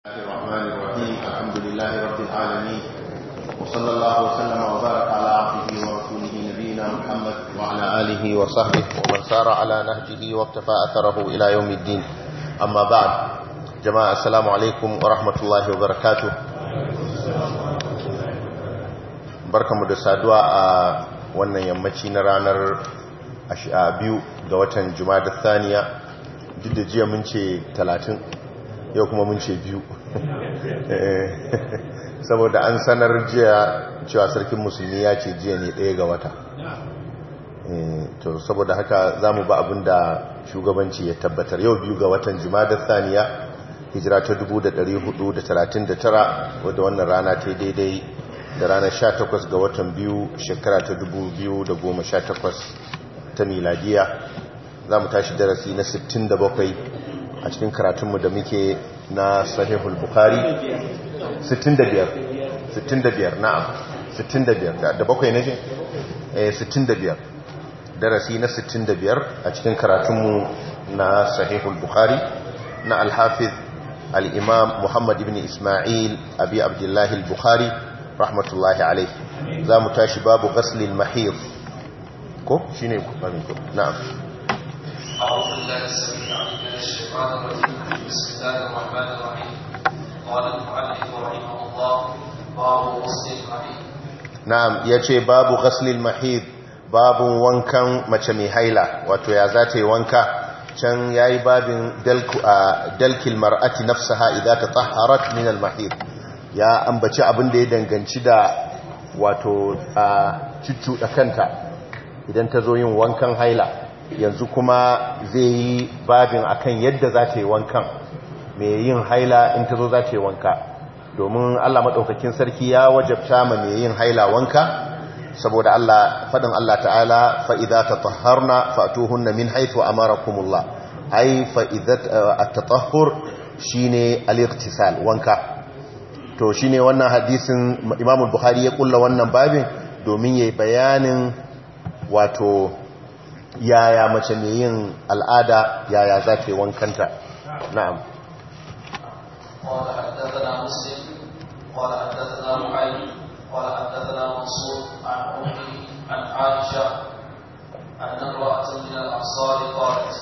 الله الرحمن الرحيم الحمد لله رب العالمين وصلى الله وسلم وبارك على عبده ورسوله نبينا محمد وعلى آله وصحبه ومن سار على نهجه واقتفى أثره إلى يوم الدين أما بعد جماعة السلام عليكم ورحمة الله وبركاته barkamu da saduwa a wannan yammaci na ranar 2 ga watan juma'a da thaniya duk da jiya mun ce 30 yau kuma mun ce biyu eh, saboda an sanar jiya cewa sarkin musulmi ya ce jiya ne ɗaya ga wata eh, saboda haka za mu ba abin da shugabanci ya tabbatar yau biyu ga watan da saniya hijira ta 439 wadda wannan rana ta daidai da ranar 18 ga watan biyu shekara ta 2018 ta miladiya za mu tashi darasi na 67 a cikin karatunmu da muke na sahihul bukari 65 65 na'am 65 da bakwai na ce 65 eh, darasi na 65 a cikin karatunmu na sahihul bukari na alhafiz al'imam muhammad ibn ismail abi abdullahi al-bukhari rahmatullahi alaihi za mu tashi babu gaslil mahir ko shi ne ko na'am Na’am, ya ce babu ghaslil mahid babu wankan mace mai haila, wato ya za yi wanka can ya yi babin dalkil mar’ati nafsaha idan ta tsaharat minal ya ambaci abin da ya danganci da wato a cuccuɗa kanta idan ta zo yin wankan haila. yanzu kuma zai yi babin akan yadda za ta yi wankan mai yin haila in ta zo za ta yi wanka domin Allah maɗaukakin sarki ya wajabta ma mai yin haila wanka saboda Allah faɗin Allah ta'ala fa'iza ta taharna na min haifu kumulla ai fa'iza uh, ta tahur shi ne alirtisal wanka to shi ne wannan hadisin imamul buhari ya kulla wannan babin domin ya yi bayanin wato yaya mace mai yin al'ada yaya za ta yi wankanta na'am قال حدثنا مسلم قال حدثنا معين قال حدثنا منصور عن عمري عن عائشة أن امرأة من الأنصار قالت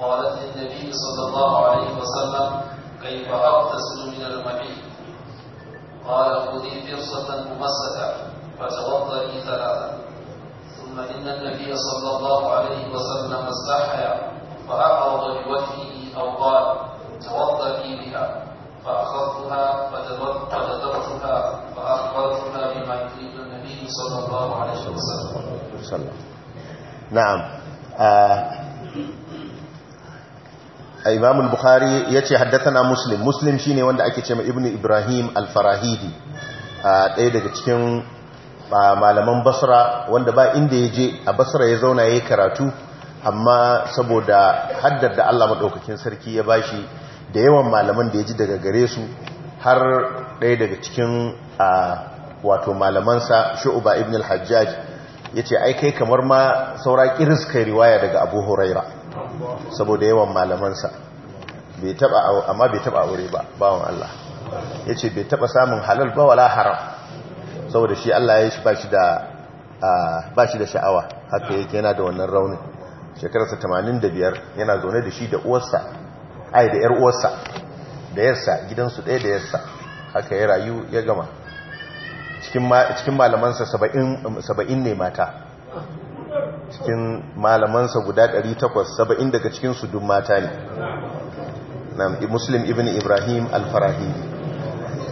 قالت للنبي صلى الله عليه وسلم كيف أغتسل من المبيت قال خذي فرصة ممسكة فتوضئي ثلاثة ثم إن النبي صلى الله عليه وسلم استحيا فأعرض بوجهه أو قال توضئي بها فأخذتها فجدرتها فأخبرتها بما يريد النبي صلى الله عليه وسلم نعم Imam al-Bukhari yace haddathana Muslim Muslim shine wanda ake cewa Ibn Ibrahim al-Farahidi ɗaya daga cikin malaman basra wanda ba inda ya je a basra ya zauna ya yi karatu amma saboda haddar da allah daukakin sarki ya bashi da yawan malaman da ya ji daga gare su har ɗaya daga cikin wato malamansa shu'uba ibn al-hajjaj ya ce ai kai kamar ma saura kiris kai riwaya daga abu huraira saboda yawan malamansa amma bai taɓa aure ba bawan allah ya ce bai taɓa samun halal ba wala haram saboda shi Allah ya shi ba shi da sha'awa haka yake yana da wannan raunin shekararsa 85 yana zaune da shi da uwarsa ai da yar uwarsa da yarsa gidansu ɗaya da yarsa haka ya rayu ya gama cikin malamansa 70 ne mata cikin malamansa guda 870 daga cikinsu dun mata ne muslim ibn ibrahim al-farahi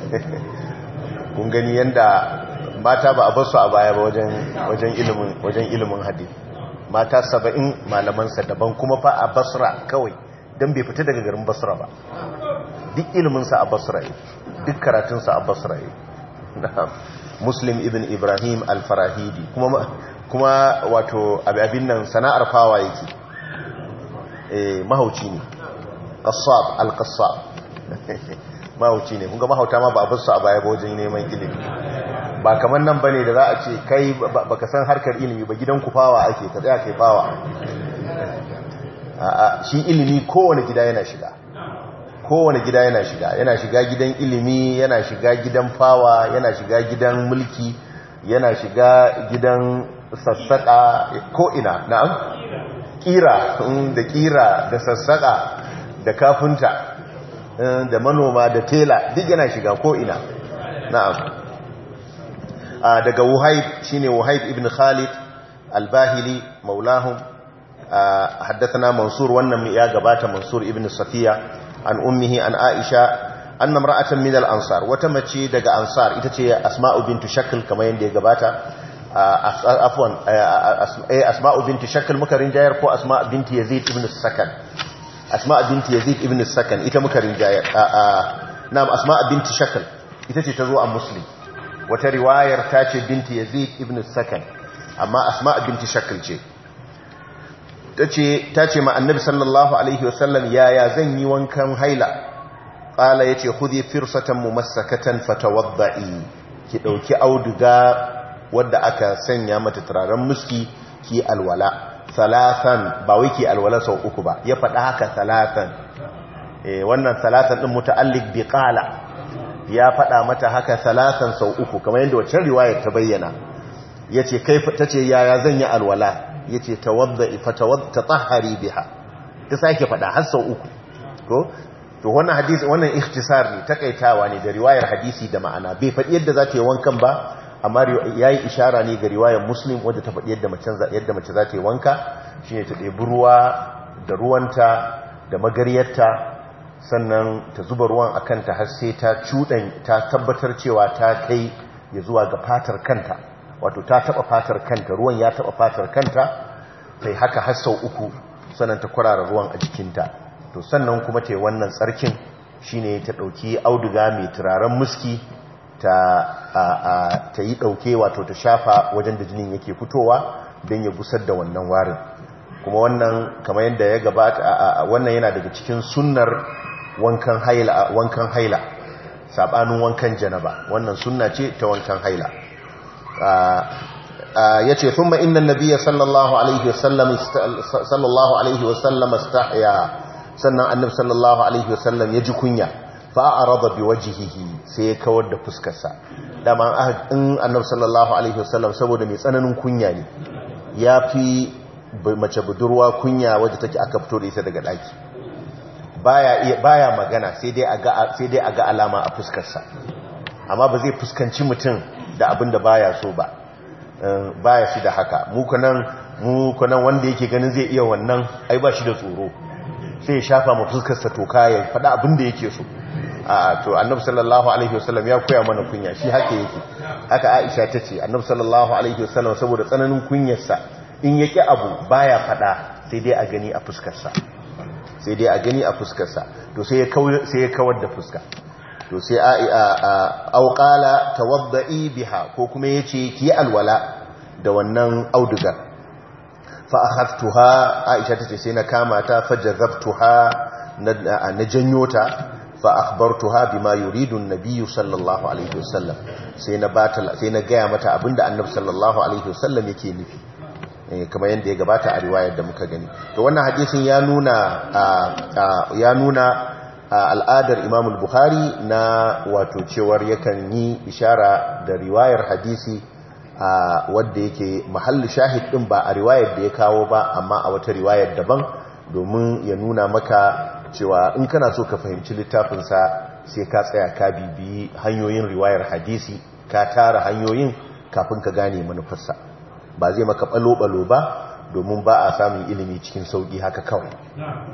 kun gani yadda mata ba a basu a baya ba wajen ilimin hadith mata saba'in malamansa daban kuma fa a basra kawai don bai fita daga garin basra ba duk iliminsa a basra yi duk karatunsa a basra yi muslim ibn ibrahim alfarahidi kuma wato abin nan sana'ar fawa yake eh, mahauci ne al alƙasab mahauci ne kunga mahauta ma ba a basu a baya ba wajen neman ilimi ba kamar nan bane da za a ce kai baka san harkar ilimi ba gidan ku fawa ake ka tsaya kai fawa a shi ilimi kowane gida yana shiga kowane gida yana shiga yana shiga gidan ilimi yana shiga gidan fawa yana shiga gidan mulki yana shiga gidan sassaka ko ina na'am kira mm, da kira da sassaka da kafunta eh, da manoma da tela duk yana shiga ko ina na'am daga wuhaib shine wuhaib ibn khalid al-bahili maulahum mansur wannan ya gabata mansur ibn safiya an ummihi an aisha an na mara'atan minal ansar wata mace daga ansar ita ce asma'u bintu shakil kamar yadda ya gabata afwan asma'u bintu shakil muka rinjayar ko asma'u bintu yazid ibn sakan asma'u bintu yazid ibn sakan ita muka rinjayar na asma'u bintu shakil ita ce ta zo a muslim wata riwayar ta ce binti yazid ibn sakan amma asma binti shakil ce ta ce ma annabi sallallahu alaihi wasallam yaya zan yi wankan haila ƙala ya ce huzi firsatan mumassakatan fatawadda'i ki ɗauki auduga wadda aka sanya mata turaren muski ki alwala salatan ba wai ki alwala sau uku ba ya faɗa haka salatan eh, wannan salatan ɗin muta'allik bi ƙala ya faɗa mata haka salasan sau uku kamar yadda wacce riwayar ta bayyana ya ce ta ce yaya zan yi alwala ya ce ta tsahari biha ta sake faɗa har sau uku to wannan hadisi wannan ikhtisar ne takaitawa ne da riwayar hadisi da ma'ana bai faɗi yadda za ta yi wankan ba amma yayi ishara ne ga riwayar muslim wadda ta faɗi yadda mace yadda za ta yi wanka shine ta ɗebi ruwa da ruwanta da magariyarta sannan ta zuba ruwan a kanta har sai ta cuɗan ta tabbatar cewa ta kai ya zuwa ga fatar kanta wato ta taɓa fatar kanta ruwan ya taɓa fatar kanta ta haka har sau uku sannan ta kwarara ruwan a jikinta to sannan kuma ta yi wannan tsarkin shine ta ɗauki auduga mai turaren muski ta yi ɗauke wato ta shafa wajen da jinin yake fitowa don ya gusar da wannan warin kuma wannan kamar yadda ya gabata wannan yana daga cikin sunnar wankan haila wankan sabanin wankan janaba wannan suna ce ta wankan haila yace thumma inna nabiyya sallallahu alaihi wasallam sallallahu alaihi wasallam istahya sannan annab sallallahu alaihi wasallam ya ji kunya raba bi wajihihi sai ya kawar da fuskarsa dama in annab sallallahu alaihi wasallam saboda mai tsananin kunya ne ya fi mace budurwa kunya wadda take aka fito da ita daga daki baya magana sai dai a ga alama a fuskarsa amma ba zai fuskanci mutum da abin da baya so ba eh, baya shi da haka mu wanda yake ganin zai iya wannan ai ba shi da tsoro sai ya shafa ma fuskarsa toka ya faɗa abin da yake so a to annabu sallallahu alaihi wasallam ya koya mana kunya shi haka yake haka Aisha tace annabu sallallahu alaihi wasallam saboda tsananin kunyarsa in yake abu baya faɗa sai dai a gani a fuskarsa sai dai a gani a fuskarsa to sai ya kawar da fuska to sai a auƙala tawabba'i biha ko kuma ya ce ki alwala da wannan audugar fa a isa aisha ce sai na kama ta ha na janyo ta fa akhbartuha bima yuridun na biyu sallallahu alaihi wasallam sai na gaya mata abinda annabi sallallahu alaihi wasallam yake nufi Eh, kamar yadda ya gabata a riwayar da muka gani to wannan hadisin ya nuna ya nuna al'adar imam al-bukhari na wato cewar yakan yi ishara da riwayar hadisi wadda yake mahallin shahid din ba a riwayar da ya kawo ba amma a wata riwayar daban domin ya nuna maka cewa in kana so ka fahimci littafin sa sai ka tsaya ka bibiyi hanyoyin riwayar hadisi ka tara hanyoyin kafin ka gane manufarsa ba zai maka balo-balo ba domin ba a samun ilimi cikin sauƙi haka kawai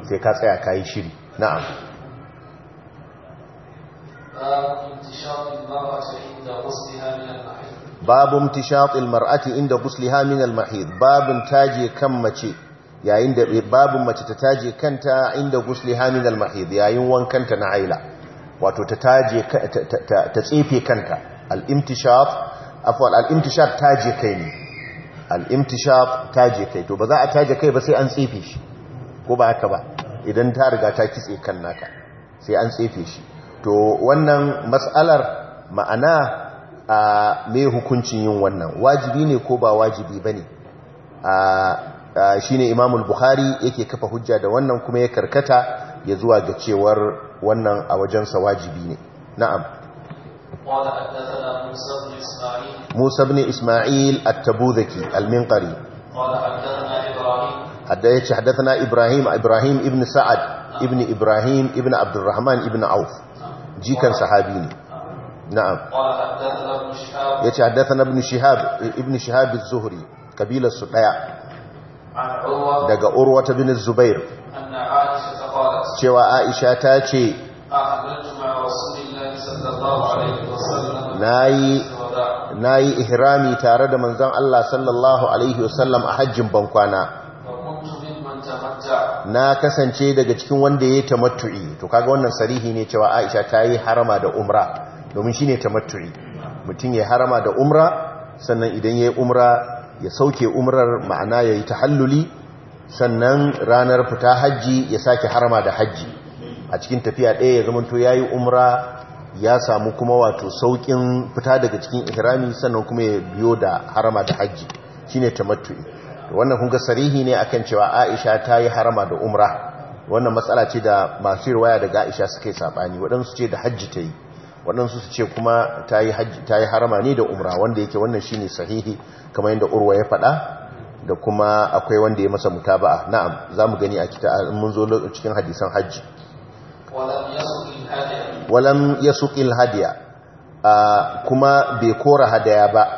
sai ka tsaya ka yi shiri na'am babun tishatil mar'ati inda gusliha min al-mahid babun taje kan mace yayin da babun mace ta taje kanta inda gusliha min al-mahid yayin wankanta na haila wato ta taje ta tsefe kanta al-imtishaf afwan al-imtishaf taje kai ne al'imtishaf taje kai to ba za a taje kai ba sai an tsefe shi ko ba haka ba idan ta riga ta kitse kan naka sai an tsefe shi to wannan matsalar ma'ana a mai hukuncin yin wannan wajibi ne ko ba wajibi ba ne shi ne imamul buhari yake kafa hujja da wannan kuma ya karkata ya zuwa ga cewar wannan a wajensa wajibi ne na'am قال حدثنا موسى بن إسماعيل موسى بن إسماعيل التبوذكي المنقري قال حدثنا إبراهيم حدثنا إبراهيم إبراهيم ابن سعد ابن إبراهيم ابن عبد الرحمن ابن عوف جي كان صحابيني نعم قال حدثنا ابن شهاب ابن شهاب الزهري قبيلة السطيع daga urwata bin zubair cewa aisha ta ce na yi ihrami tare da manzan Allah sallallahu alaihi wasallam a hajjin bankwana na kasance daga cikin wanda ya yi ta matu'i, to kaga wannan sarihi ne cewa Aisha ta yi harama da umra domin shi shine matu'i. mutum ya harama da umra sannan idan ya yi umra ya sauke umrar ma'ana ya yi tahalluli sannan ranar fita hajji ya sake harama da hajji a cikin tafiya ɗaya ya zamanto ya yi umra ya samu kuma wato saukin fita daga cikin ihrami sannan kuma ya biyo da harama da hajji shine tamattu'i wannan kun ga sarihi ne akan cewa Aisha ta yi harama da umra wannan matsala ce da masu riwaya daga Aisha suka yi sabani waɗansu ce da hajji ta yi waɗansu su ce kuma ta yi harama ne da umra wanda yake wannan shine sahihi kamar yadda Urwa ya faɗa da kuma akwai wanda ya masa mutaba'a na'am zamu gani a in mun zo cikin hadisan hajji walam ya suƙil hadiya kuma bai kora hadaya ba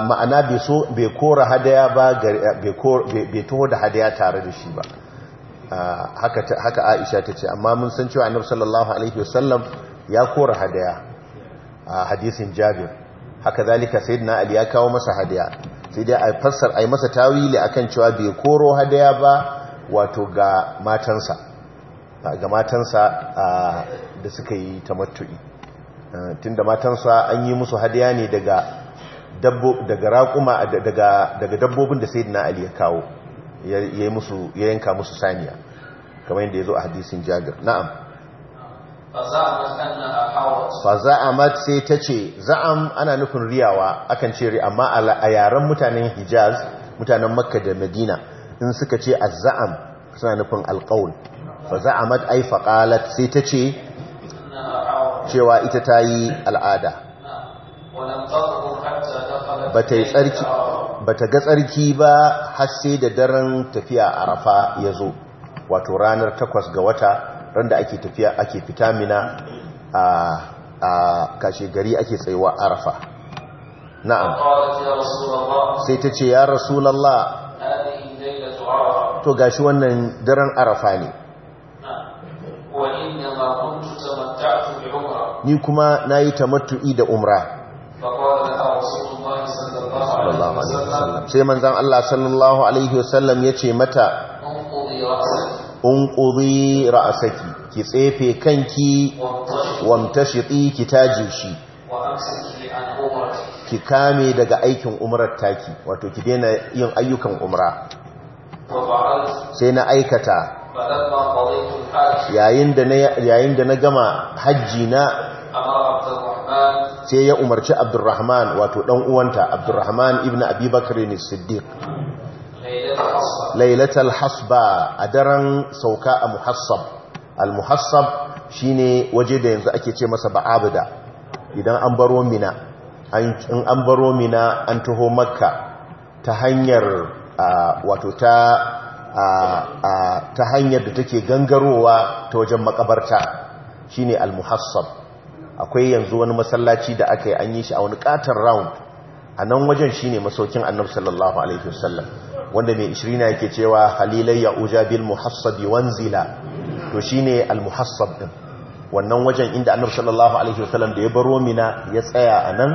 ma'ana bai kora hadaya ba bai taho da hadaya tare da shi ba haka aisha ta ce amma mun san cewa annabi sallallahu alaihi wasallam ya kora hadaya a hadisin jabir haka zalika sayyidina ali ya kawo masa hadaya sai dai a fassar ai masa tawili akan cewa bai koro hadaya ba wato ga matansa ga matansa da suka yi ta tun da matansa an yi musu hadiya ne daga raƙuma daga dabbobin da sai ali ya kawo ya yanka musu saniya kamar yadda ya zo a hadisun jabir na'am fa za'amat sai ta ce za'am ana nufin riyawa akan ce amma a yaren mutanen hijaz mutanen makka da madina in suka ce a za'am suna nufin alƙawul fa za'amat ai faqalat sai ta ce cewa ita ta yi al'ada bata ta ga tsarki ba har sai da daren tafiya arafa ya zo wato ranar takwas ga wata randa ake tafiya ake fita mina a kashe gari ake tsayuwa arafa na'am sai ta ce ya rasulallah to gashi wannan daren arafa ne ni kuma na yi matu'i da umra sai manzan Allah sallallahu alaihi wasallam ya ce mata unqudi ra'asaki ki tsefe kanki wamtashiti ki taje shi ki kame daga aikin umarar taki wato ki daina yin ayyukan umra sai na aikata yayin da na gama hajji na sai ya umarci abdurrahman wato dan uwanta abdurrahman ibn bakari ne siddiq lailatul hasba a daren sauka a muhassab al-muhassab shine waje da yanzu ake ce masa ba'abda idan an baro mina in an baro mina an taho makka ta hanyar wato ta ta hanyar da take gangarowa ta wajen makabarta shine al-muhassab akwai yanzu wani masallaci da aka yi an yi shi a wani katon round a nan wajen shine masaukin annabi sallallahu alaihi wasallam wanda mai ishirina yake cewa halilai ya uja bil muhassabi wanzila to shine al-muhassab din wannan wajen inda annabi sallallahu alaihi wasallam da ya baro mina ya tsaya a nan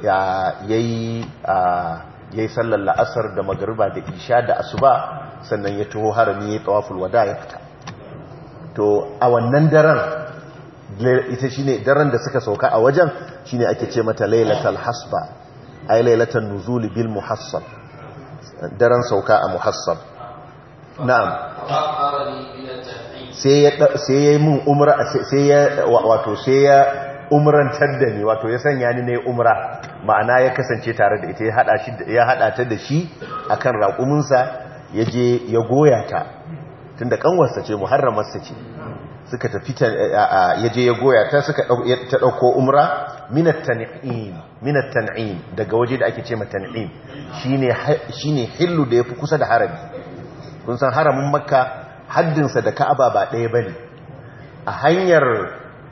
ya yayi yayi sallar la'asar da magariba da isha da asuba sannan ya taho harami ya tawaful wada ya fita to a wannan daren ita shine daren da suka sauka a wajen shine ake ce mata lailatul hasba ay lailatul nuzul bil muhassab daren sauka a muhassab na'am sai ya yi mun umra sai ya wato sai ya umran taddani wato ya sanya ni ne umra ma'ana ya kasance tare da ita ya hada shi ya hada ta da shi akan raƙuminsa ya je ya goya ta tunda kanwarsa ce muharramarsa ce suka tafi ya je ya goya ta suka ta ɗauko umra minat tan'im daga waje da ake ce ma tan'im shine hillu da ya fi kusa da harami kun san haramin makka haddinsa da ka'aba ba ɗaya ba ne a hanyar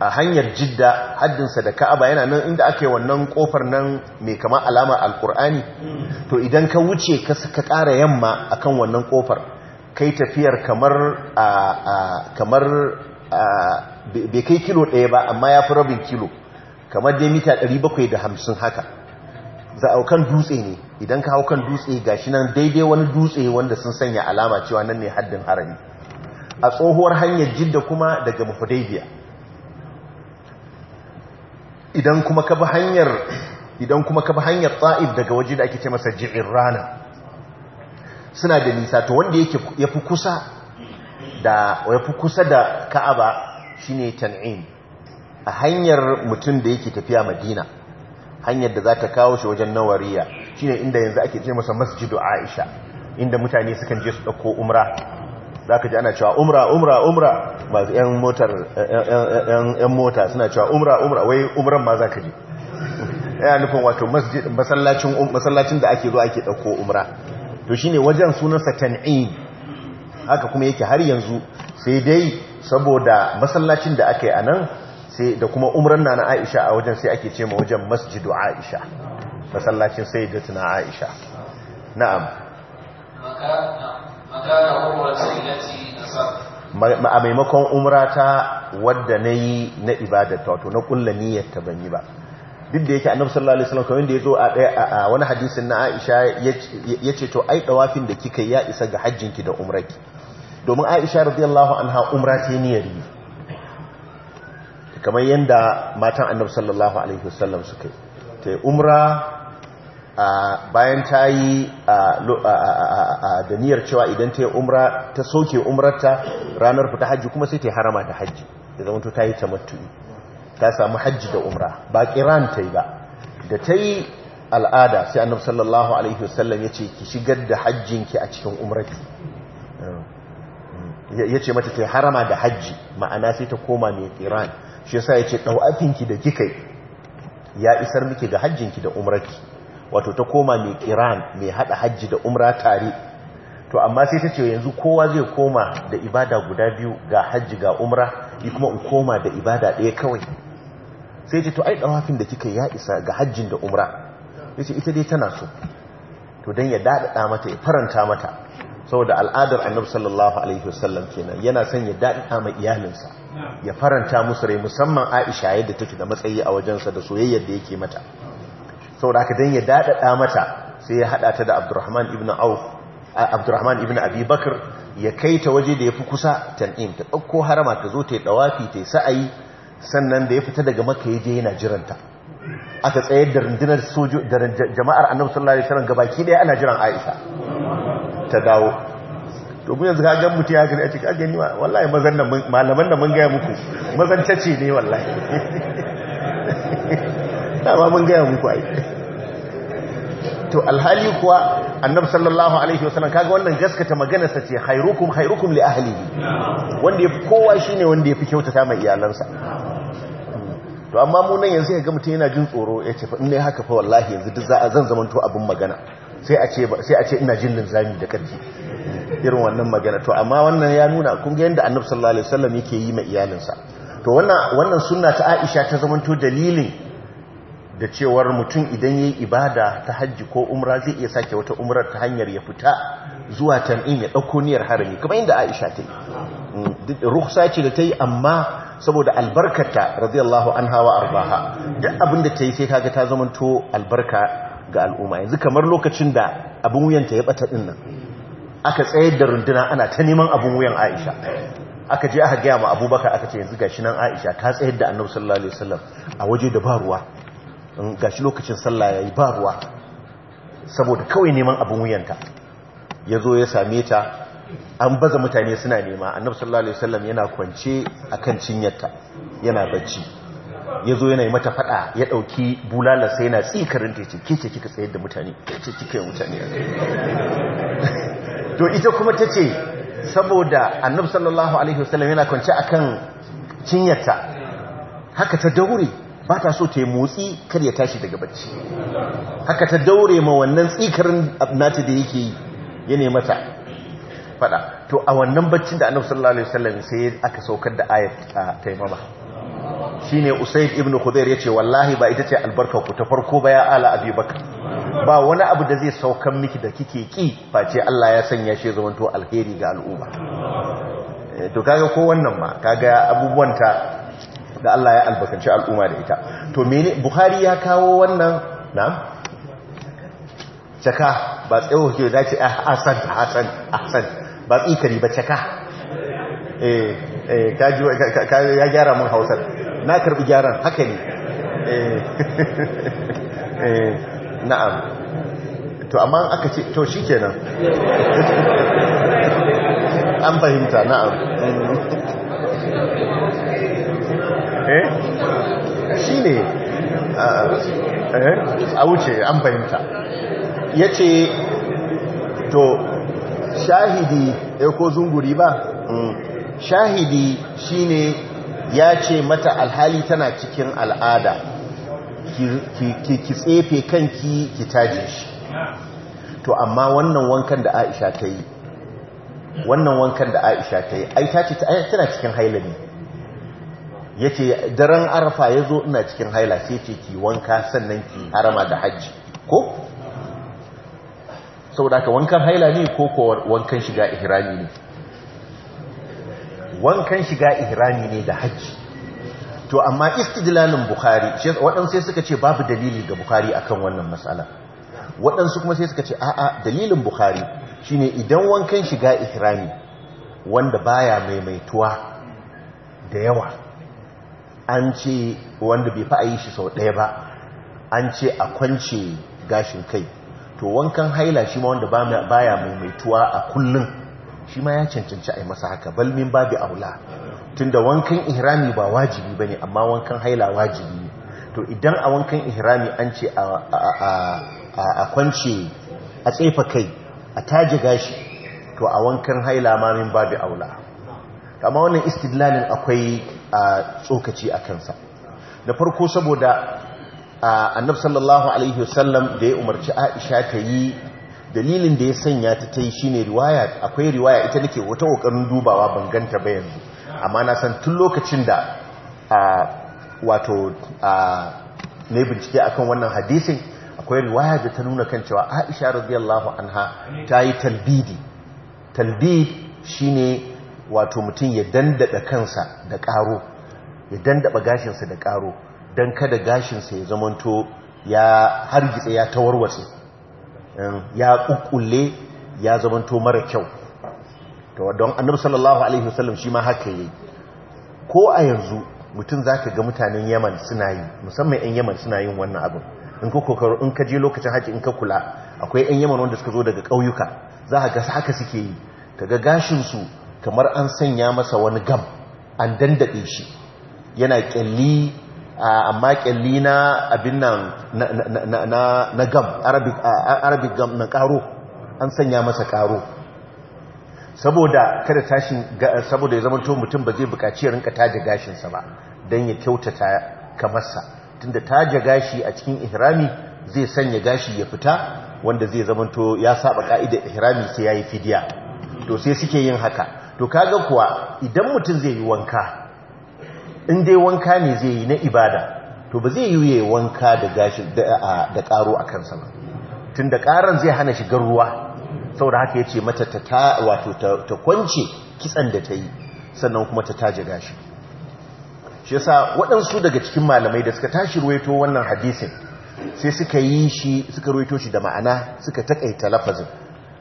a hanyar jidda haddinsa da ka'aba yana nan inda ake wannan kofar nan mai kama alama alkur'ani to idan ka wuce ka suka ƙara yamma akan wannan kofar kai tafiyar kamar kamar bai kai kilo ɗaya ba amma ya fi rabin kilo kamar dai mita 750 haka za a kan dutse ne idan ka hau kan dutse gashi nan daidai wani dutse wanda sun sanya alama cewa nan ne haddin harami a tsohuwar hanyar jidda kuma daga mafudaibiya idan kuma ka bi hanyar idan kuma ka bi hanyar daga waje da ake ce masa rana suna da nisa to wanda yake yafi kusa da yafi kusa da Ka'aba shine Tan'im a hanyar mutum da yake tafiya Madina hanyar da za ta kawo shi wajen Nawariya shine inda yanzu ake ce masa Masjidu Aisha inda mutane sukan je su dauko umra za ka ji ana cewa umra umra umra masu yan mota suna cewa umra umra wai umran ma za ka ji ya nufin wato masallacin da ake zuwa ake ɗauko umra to shi ne wajen sunansa tan'in haka kuma yake har yanzu sai dai saboda masallacin da ake a nan sai da kuma umran na na aisha a wajen sai ake ce ma wajen masjidu aisha masallacin sai da tuna aisha na'am a maimakon umrata wadda na yi na ibadata wato na kulla niyyar ban yi ba duk da yake annabi sallallahu alaihi wasallam kamar da yazo a wani hadisin na Aisha yace to ai dawafin da kika ya isa ga hajjin ki da umrarki domin Aisha radiyallahu anha umra ce niyyar yi kamar yanda matan annabi sallallahu alaihi wasallam suka yi umra bayan ta yi a daniyar cewa idan ta yi umra ta soke umrarta ranar fita hajji kuma sai ta yi harama da hajji da zama ta yi tamattu'i ta samu hajji da umra ba kiran ta yi ba da ta yi al'ada sai annabu sallallahu alaihi wasallam ya ce ki shigar da hajjinki a cikin umrarki ya ce mata ta yi harama da hajji ma'ana sai ta koma mai kiran shi yasa ya ce ɗau'afinki da kikai ya isar miki da hajjinki da umrarki wato ta koma mai kiran mai hada hajji da umra tare to amma sai ta ce yanzu kowa zai koma da ibada guda biyu ga hajji ga umra yi kuma in koma da ibada ɗaya kawai sai ce to ai ɗawafin da kika ya isa ga hajjin da umra ya ce ita dai tana so to don ya daɗaɗa mata ya faranta mata saboda al'adar Annabi sallallahu alaihi wasallam kenan yana son ya daɗaɗa ma iyalinsa ya faranta musu rai musamman aisha yadda take da matsayi a wajensa da soyayyar da yake mata saboda aka dan ya daɗaɗa mata sai ya haɗa ta da Abdurrahman ibn Auf Abdurrahman ibn Abi Bakr ya kaita waje da ya fi kusa tan'im ta ɗauko harama ta zo ta yi dawafi ta yi sa'ayi sannan da ya fita daga maka ya je yana jiranta aka tsayar da rundunar sojo da jama'ar Annabi sallallahu alaihi wasallam gabaki daya ana jiran Aisha ta dawo to mun yanzu kagan mutu ya gani a cikin agani wallahi mazan nan malaman da mun gaya muku mazan ce ne wallahi dama mun gaya muku ai to alhali kuwa annabi sallallahu alaihi wasallam kaga wannan gaskata sa ce khairukum khairukum li ahlihi wanda yafi kowa shine wanda yafi kyautata mai iyalansa to amma mu nan yanzu ga mutum yana jin tsoro ya ce in ne haka fa wallahi yanzu duk za zan to abin magana sai a ce sai a ce ina jin linzami da karfi irin wannan magana to amma wannan ya nuna kun ga yanda annabi sallallahu alaihi wasallam yake yi mai iyalinsa to wannan wannan sunna ta Aisha ta to dalilin da cewar mutum idan yayi ibada ta hajji ko umra zai iya sake wata umrar ta hanyar ya fita zuwa tan'in ya ɗauko niyyar harami kamar inda Aisha ta yi rukhsa ce da ta yi amma saboda albarkata radiyallahu anha wa arbaha duk da ta yi sai ga ta zamanto albarka ga al'umma yanzu kamar lokacin da abin wuyanta ya bata dinnan aka tsayar da runduna ana ta neman abin wuyan Aisha aka je aka gaya ma abubakar aka ce yanzu gashi nan aisha ta tsayar da annabi sallallahu alaihi wasallam a waje da ba ruwa gashi lokacin sallah yayi ba ruwa saboda kawai neman abin wuyanta ya zo ya same ta an baza mutane suna nema annabu sallallahu alaihi wasallam yana kwance akan cinyarta yana bacci ya zo yana yi mata fada ya dauki bulalarsa yana tsikarin ta ce kece kika tsayar da mutane kece kika yi mutane to ita kuma ta ce saboda annabu sallallahu alaihi wasallam yana kwance akan cinyarta haka ta daure ba ta so ta yi motsi kar ya tashi daga bacci haka ta daure ma wannan tsikar nata da yake yi ya ne mata fada to a wannan baccin da annabu sallallahu alaihi wasallam sai aka saukar da ayat taimama shine usayd ibn khudair ce wallahi ba ita ce albarka ku ta farko ba ya ala abubakar ba wani abu da zai saukan miki da kike ki Ba ce Allah ya sanya shi zamanto alheri ga al'umma eh, to kaga ko wannan ma kaga abubuwan ta da Allah ya albakanci al'umma da ita to mene Buhari ya kawo wannan na caka ba tsawo ke za ce san a san ba tsikari ba caka eh, eh ya gyara mun Hausar na karbi gyaran haka ne eh, eh na'am to amma aka ce to kenan. an fahimta na'am eh shi ne ah. eh? a wuce an fahimta ya ce to shahidi ya eh, ko zunguri ba hmm. shahidi shi ne ya ce mata alhali tana cikin al'ada ki tsefe kanki ki taje shi to amma wannan wankan da aisha ta yi wannan wankan da aisha ta yi ai ce tana cikin hailani. ya ce daren arfa ya zo ina cikin haila sai ce ki wanka sannan ki harama da hajji ko? saboda ka wankan haila ne ko ko wankan shiga ihrami ne wankan shiga ihrami ne da hajji to amma istidlalin bukhari waɗansu sai suka ce babu dalili ga bukhari akan wannan matsala waɗansu kuma sai suka ce a'a dalilin bukhari shine idan wankan shiga ihrami wanda baya maimaituwa da yawa an ce wanda bai fa'ayi yi shi sau ɗaya ba an ce a kwance gashin kai to wankan haila shi ma wanda baya maituwa a kullum shi ma ya cancanci a yi masa haka balmin babu aula tunda wankan ihrami ba wajibi ba ne. amma wankan haila wajibi ne to idan a wankan ihrami an ce a kwance a tsefa kai a taji gashi to a wankan haila ma min babu wula. amma wannan istidlalin akwai a tsokaci a kansa da farko saboda annab sallallahu alaihi wasallam da ya umarci aisha ta yi dalilin da ya sanya ta ta yi shi ne riwaya akwai riwaya ita nake wata ƙoƙarin dubawa banganta ganta ba yanzu amma na san tun lokacin da wato na bincike akan wannan hadisin akwai riwaya da ta nuna kan cewa aisha radiyallahu anha ta yi talbidi talbid shine wato mutum ya dandada kansa da ƙaro ya dandaɓa gashinsa da ƙaro don kada gashinsa ya zamanto ya hargitsa ya tawarwarsa, um, ya ƙuƙulle ya zamanto mara kyau don annabi sallallahu alaihi wasallam shi ma haka yi ko a yanzu mutum za ka ga mutanen yaman suna yi musamman 'yan yaman suna yin wannan abin in ka kokaro in ka je lokacin haji in ka kula akwai 'yan yaman wanda suka zo daga ƙauyuka za ka ga haka suke yi ka ga gashinsu kamar an sanya masa wani gam an dandaɗe shi yana ƙyalli amma ƙyalli na abin nan na gam arabic gam na karo an sanya masa karo saboda kada tashin saboda ya zamanto mutum ba zai bukaci ya rinka taje gashinsa ba don ya kyautata kamarsa tunda taje gashi a cikin ihrami zai sanya gashi ya fita wanda zai zamanto ya saba ka'idar ihrami sai yayi fidiya to sai suke yin haka to kaga kuwa idan mutum zai yi wanka in dai wanka ne zai yi na ibada to ba zai yi yi wanka da gashi da karo a kansa ba tunda karan zai hana shigar ruwa saboda haka ya ce mata ta wato ta kwance kitsan da ta yi sannan kuma ta taje gashi shi yasa waɗansu daga cikin malamai da suka tashi ruwaito wannan hadisin sai suka yi shi suka ruwaito shi da ma'ana suka takaita lafazin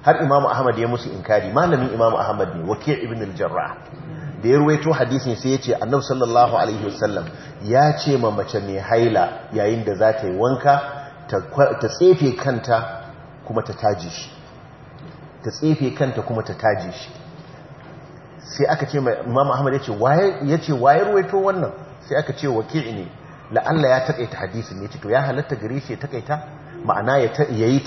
har imamu ahmad ya musu inkari malamin imamu ahmad ne waki ibn al-jarrah da ya ruwaito hadisin sai ya ce annabi sallallahu alaihi wasallam ya ce ma mace mai haila yayin da za ta yi wanka ta tsefe kanta kuma ta taji shi ta tsefe kanta kuma ta taji shi sai aka ce imamu ahmad ya ce waye ya ce waye ruwaito wannan sai aka ce waki ne la'alla ya takaita hadisin ne ce to ya halatta gare shi ya takaita ma'ana ya yi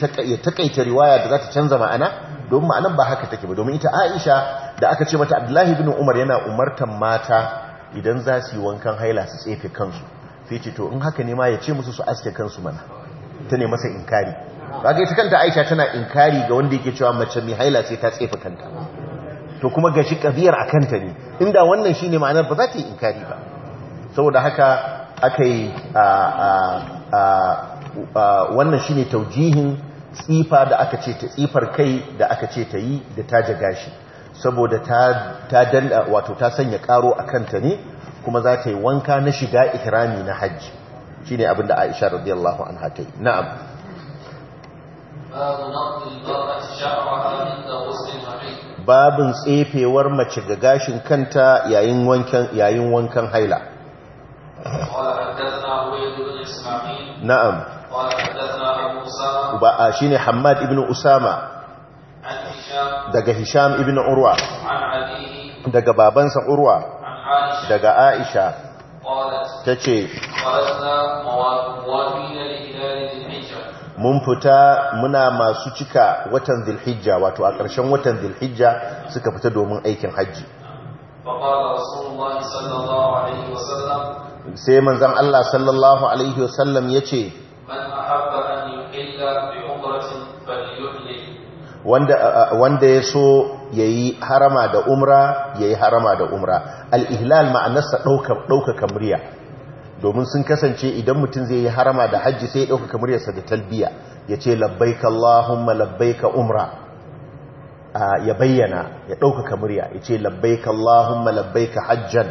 takaita riwaya da za ta canza ma'ana domin ma'anan ba haka take ba domin ita aisha da aka ce mata abdullahi bin umar yana umartan mata idan za su yi wankan haila su tsefe kansu sai ce to in haka ne ma ya ce musu su aske kansu mana ta ne masa inkari ba ga ita kanta aisha tana inkari ga wanda yake cewa mace mai haila sai ta tsefe kanta to kuma gashi kabiyar a kanta ne inda wannan shi ne ma'anar ba za ta yi inkari ba saboda haka aka yi wannan shine taujihin tsifa da aka ce ta tsifar kai da aka ce ta yi da ta jaga shi saboda ta dalla wato ta sanya karo a kanta ne kuma za ta yi wanka na shiga ikirami na hajji ne abin da Aisha radiyallahu anha ta yi na'am babin tsefewar mace ga gashin kanta yayin wankan yayin wankan haila na'am ba shine Hamad ibn Usama daga Hisham ibn Urwa daga babansa Urwa daga Aisha ta ce mun fita muna masu cika watan zilhijja wato a ƙarshen watan zilhijja suka fita domin aikin hajji. sai manzon Allah sallallahu alaihi wasallam ce. wanda ya so ya yi harama da umra ya yi harama da umra al'ihlal ma'anarsa ɗaukaka murya domin sun kasance idan mutum zai yi harama da hajji sai ya ɗaukaka muryarsa da talbiya ya ce labbaika Allahumma labbaika umra ya bayyana ya ɗaukaka murya ya ce labbaika Allahumma labbaika hajjan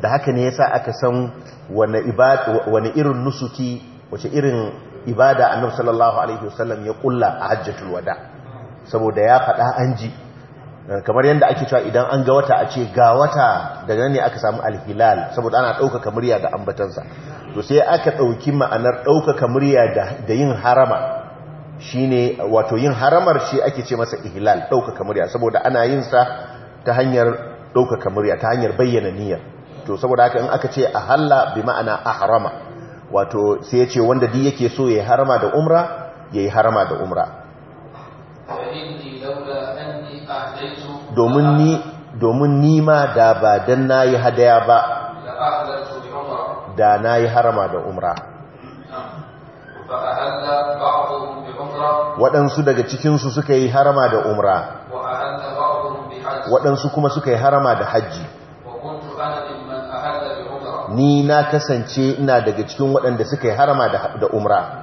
da haka ne yasa aka san wani irin nusuki wace irin ibada annabi sallallahu alaihi wasallam ya kulla a hajjatul wada' saboda ya faɗa an ji eh, kamar yadda ake cewa idan an ga wata a ce ga wata daga ne aka samu alhilal saboda ana ɗaukaka murya da ambatansa to sai aka ɗauki ma'anar ɗaukaka murya da yin harama shine wato yin haramar shi ake ce masa ihilal ɗaukaka murya saboda ana yin sa ta hanyar ɗaukaka murya ta hanyar bayyana niyyar to saboda haka in aka ce a halla bi ma'ana a harama, wato sai ya ce wanda duk yake so ya yi harama da umra yayi harama da umra domin ni ma da ba dan nayi hadaya ba da nayi harama da umra waɗansu daga cikinsu suka yi harama da umra waɗansu kuma suka yi harama da hajji ni na kasance ina daga cikin waɗanda suka yi harama da umra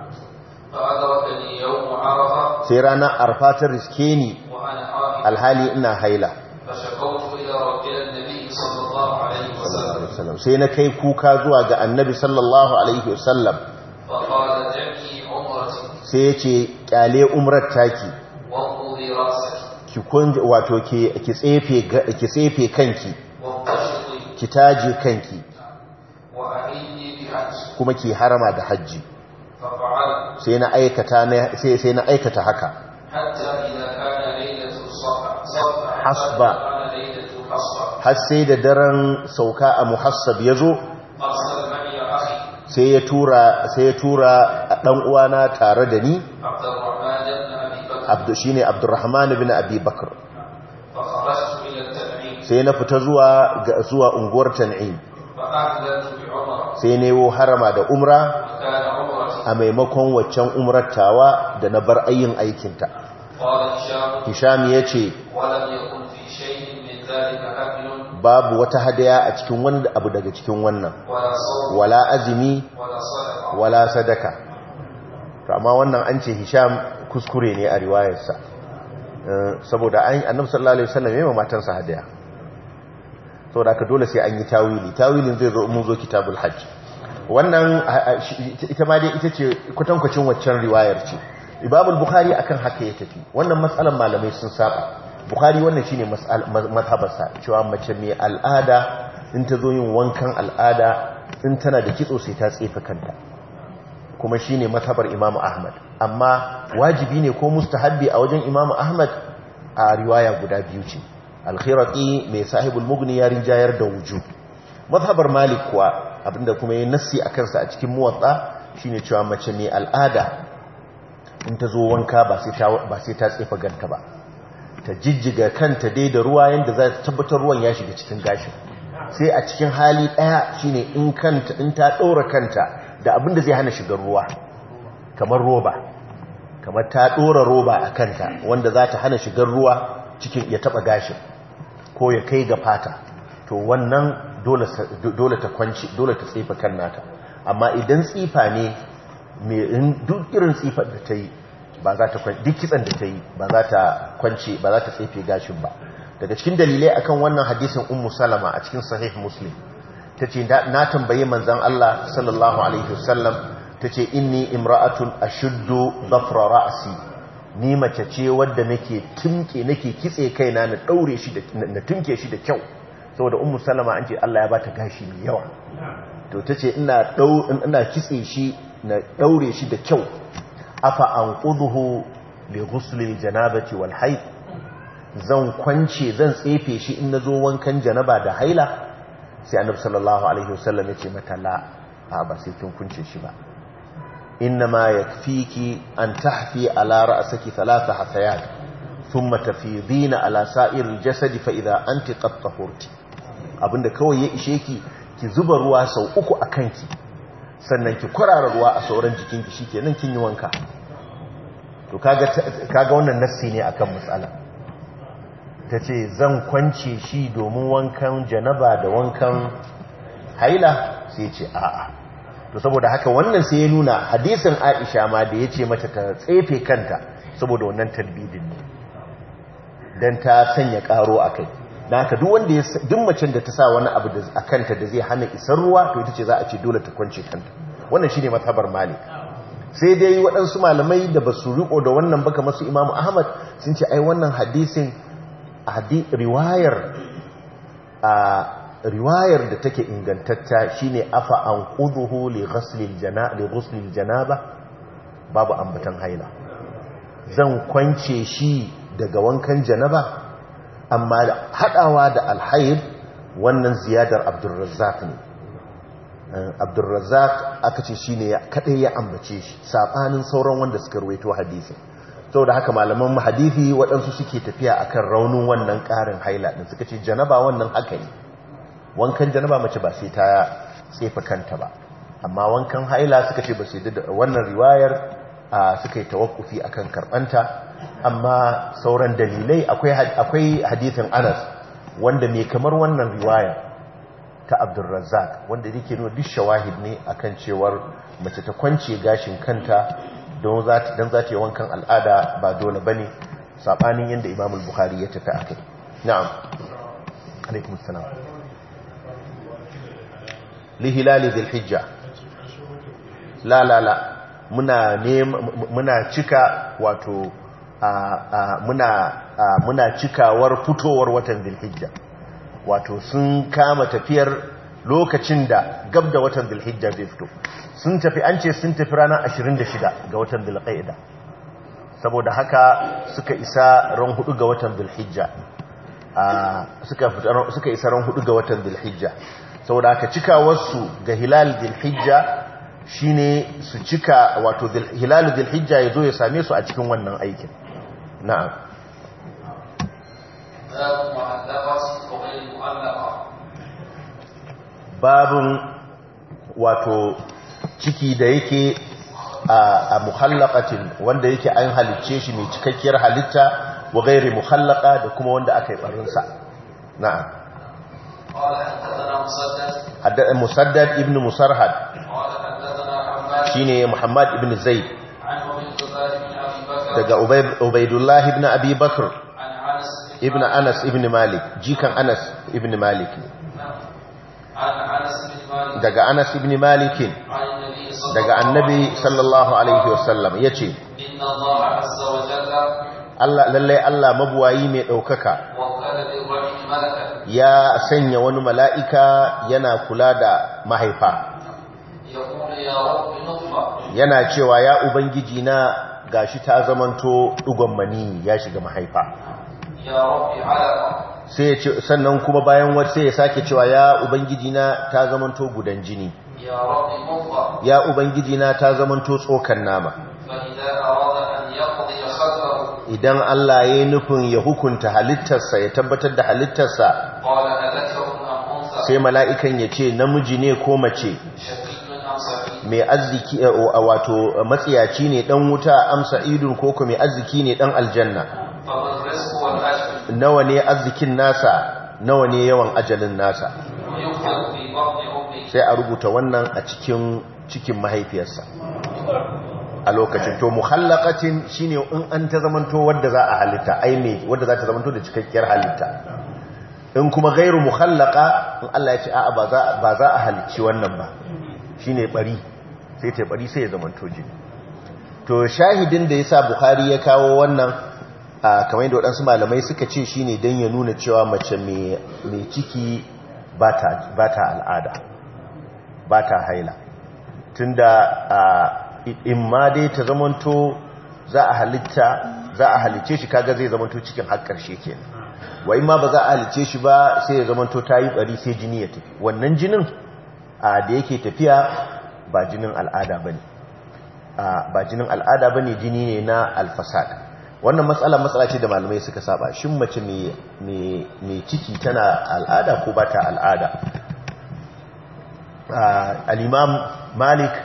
sai ranar arfa ta riske ni alhali ina haila sai na kai kuka zuwa ga annabi sallallahu alaihi wasallam sai ya ce kyale umrar taki wato ki tsefe kanki ki taje kanki kuma ki harama da hajji sai na aikata haka hasba har sai da daren sauka a muhassab ya zo sai ya tura ɗan uwana tare da ni shi ne abdurrahman bin abi bakar sai na fita zuwa ga zuwa unguwar tan'in sai ne wo harama da umra a maimakon waccan umartawa da na bar ayyin aikinta hisham ya ce babu wata hadaya a cikin wanda abu daga cikin wannan wala azumi wala sadaka amma wannan an ce hisham kuskure ne a riwayarsa eh, saboda an annabi sallallahu alaihi wasallam yayin matansa hadaya saboda ka dole sai an yi tawili tawilin zai zo mun zo kitabul hajj wannan ita ma dai ita ce kwatankwacin waccan riwayar ce ibabul bukhari akan haka ya tafi wannan matsalan malamai sun saba bukhari wannan shine mazhabarsa cewa mace mai al'ada in ta zo yin wankan al'ada in tana da kitso sai ta tsefe kanta kuma shine mazhabar imam ahmad amma wajibi ne ko mustahabbi a wajen imam ahmad a riwaya guda biyu ce alkhirati mai sahibul mughni ya rinjayar da wujub mazhabar malik kuwa abinda kuma ya nassi a kansa a cikin muwatsa shine cewa mace mai al'ada in ta zo wanka ba sai ta tsefa ganta ba ta jijjiga kanta dai da ruwa yadda za ta tabbatar ruwan ya shiga cikin gashin sai a cikin hali ɗaya shine in kanta in ta ɗora kanta da abinda zai hana shigar ruwa kamar roba kamar ta ɗora roba a kanta wanda za ta hana shigar ruwa cikin ya taɓa gashin ko ya kai ga fata to wannan dole ta kwanci dole ta tsefa kan nata amma idan tsifa ne duk irin tsifar da ta yi ba za ta kwanci duk da ta yi ba za ta kwanci ba za ta tsefe gashin ba daga cikin dalilai akan wannan hadisin ummu salama a cikin sahih muslim ta ce na tambayi manzan Allah sallallahu alaihi wasallam ta ce inni imra'atun ashuddu dhafra ra'si ni mace ce wadda nake nake kitse kaina na daure na shi da kyau saboda ummu salama an ce Allah ya bata gashi mai yawa to tace ina dau ina kitse shi na daure shi da kyau afa anquduhu li ghusl al janabati wal hayd zan kwance zan tsefe shi in nazo wankan janaba da haila sai annabi sallallahu alaihi wasallam ya ce mata la ba sai kin kunce shi ba إنما يكفيك an tahfi على رأسك ثلاث حثيات ثم تفيضين على سائر الجسد فإذا أنت قد طهرت abinda kawai ya ishe ki ki zuba ruwa sau uku a kanki sannan ki kwarara ruwa a sauran jikinki shi kenan kin yi wanka to kaga wannan nassi ne akan matsala ta ce zan kwance shi domin wankan janaba da wankan haila sai ce a'a to saboda haka wannan sai ya nuna hadisan aisha ma da ya ce mata ta tsefe kanta saboda wannan talbidin ne don ta sanya karo a kai da haka duk wanda ya duk macen da ta sa wani abu da kanta da zai hana isar ruwa to ita ce za a ce dole ta kwance kanta wannan shine mazhabar malik sai dai waɗansu malamai da ba su riko da wannan ba kamar su imamu ahmad sun ce ai wannan hadisin riwayar a riwayar da take ingantatta shine afa an quduhu li ghuslil janaba li ghuslil janaba babu ambatan haila zan kwance shi daga wankan janaba amma haɗawa da alhaib wannan ziyadar abdulrazzak ne eh, abdulrazzak aka ce shi ne kaɗai ya ambace shi saɓanin sauran wanda suka ruwaito hadisi sau da haka malaman hadisi waɗansu suke tafiya akan raunin wannan ƙarin haila ɗin suka ce janaba wannan haka ne wankan janaba mace ba sai ta tsefa kanta ba amma wankan haila suka ce ba sai da wannan riwayar suka yi tawakkufi akan karɓanta amma sauran dalilai akwai hadithin anas wanda mai kamar wannan riwaya ta abdulrazzak wanda yake nuna duk shawahid ne akan cewar mace ta kwance gashin kanta don za ta yi wankan al'ada ba dole ba ne saɓanin yadda imamul buhari ya tafi a kai na'am alaikum salam lihilali zilhijja la la la muna cika wato muna cikawar fitowar watan zilhijja wato sun kama tafiyar lokacin da gab da watan zilhijja zai fito sun tafi an ce sun tafi ranar 26 ga watan zilhijja saboda haka suka isa ran hudu ga watan zilhijja suka isa ran hudu ga watan zilhijja saboda haka cikawarsu ga hilal zilhijja shine su cika wato hilal zilhijja ya zo ya same su a cikin wannan aikin na'am babun wato ciki da yake a muhallaqatin wanda yake an halicce shi mai cikakkiyar halitta wa gairi muhallaqa da kuma wanda aka yi barin sa na'am hadda musaddad ibn musarhad shine muhammad ibn zaid daga Ubaidullah ibn Abi Bakr ibn Anas ibn Malik jikan Anas ibn Malik ne daga Anas ibn Malik daga Annabi sallallahu alaihi wasallam yace Allah lalle Allah mabuwayi mai daukaka ya sanya wani mala'ika yana kula da mahaifa yana cewa ya ubangiji na gashi ta zamanto dugon mani ya shiga mahaifa sannan kuma bayan wata sai ya sake cewa ya ubangiji ta zamanto gudan jini ya ubangiji na ta zamanto tsokan nama idan Allah ya nufin ya hukunta halittarsa ya tabbatar da halittarsa sai mala'ikan ya ce namiji ne ko mace mai arziki eh, wato eh, matsiyaci ne dan wuta amsa idun koko mai arziki ne dan aljanna nawa ne arzikin nasa nawa ne yawan ajalin nasa sai a rubuta wannan a cikin cikin mahaifiyarsa a lokacin to muhallaqatin shine in an ta zamanto wadda za a halitta ai me wadda za ta zamanto da cikakkiyar halitta in kuma gairu muhallaka, in Allah ya ce a ba za a halicci wannan ba Shi ne bari sai ta bari sai ya zama jini to shahidin da ya sa Buhari ya kawo wannan a kamar yadda waɗansu malamai suka ce shi ne dan ya nuna cewa mace mai ciki ba ta al'ada ba ta haila tunda in ma dai ta to za a halitta za a halice shi kaga zai zamanto cikin har karshe kenan ba za a halice shi ba sai ya to ta yi bari sai jini ya tafi wannan jinin da yake tafiya ba jinin al'ada ba ne ba jinin al'ada ba ne jini ne na alfasad wannan matsala matsala ce da malamai suka saba shin mace mai ciki tana al'ada ko ba ta al'ada al'imam malik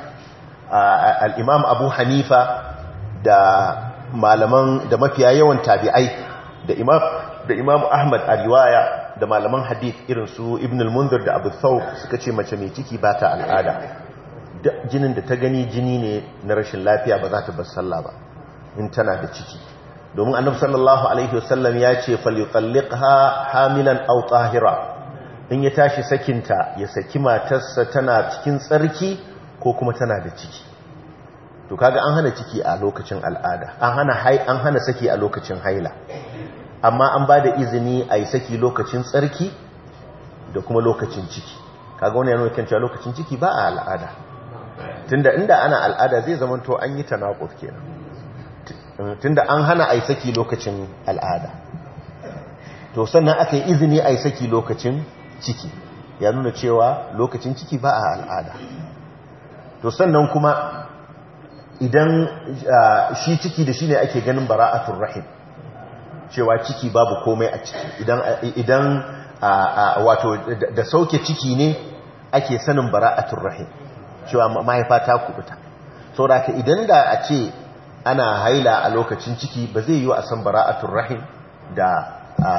al'imam abu hanifa da malaman da mafiya yawan tabi'ai da imam ahmad a riwaya da malaman hadith irin su ibn al mundhir da abu thawb suka ce mace mai ciki ba ta al'ada jinin da ta gani jini ne na rashin lafiya ba za ta bar sallah ba in tana da ciki domin annabi sallallahu alaihi wasallam ya ce falyutalliqha hamilan aw tahira in ya tashi sakinta ya saki matarsa tana cikin tsarki ko kuma tana da ciki to kaga an hana ciki a lokacin al'ada an hana hai an hana saki a lokacin haila amma an ba da izini a yi saki lokacin tsarki da kuma lokacin ciki kaga wani yanayi kyan cewa lokacin ciki ba a al'ada tunda inda ana al'ada zai zama to an yi tanakuf kenan tunda an hana a yi saki lokacin al'ada to sannan aka yi izini a yi saki lokacin ciki ya nuna cewa lokacin ciki ba a al'ada to sannan kuma idan ah, shi ciki da shi ne ake ganin bara'atun rahim cewa ciki babu komai a ciki idan wato da sauke ciki ne ake sanin bara'atul rahim cewa mahaifa ta kubuta saboda ka idan da a ce ana haila a lokacin ciki ba zai yi wa a san bara'atul rahim da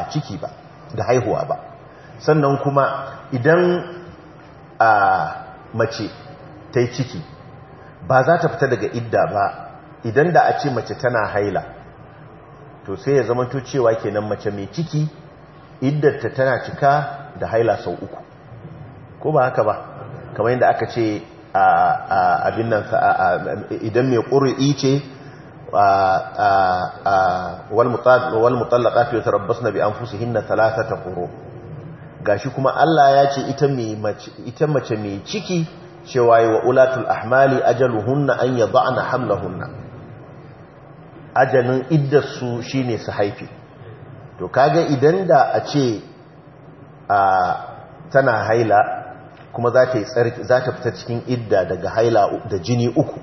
ciki ba da haihuwa ba sannan kuma idan a mace ta yi ciki ba za ta fita daga idda ba idan da a ce mace tana haila to sai ya zamanto cewa kenan mace mai ciki ta tana cika da haila sau uku ko ba haka ba kamar yadda aka ce abin nan idan mai ƙuri'i ce wal mutallaka fi rabbas na bi an fusu hinna talata ta ƙuro gashi kuma Allah ya ce ita mace mai ciki cewa yi wa ulatul ahmali ajaluhunna an yă hamla hamlahunna ajalin iddarsu shi ne su haifi to kaga idan da a ce a tana haila kuma za ta tsarki za ta fita cikin idda daga haila da jini uku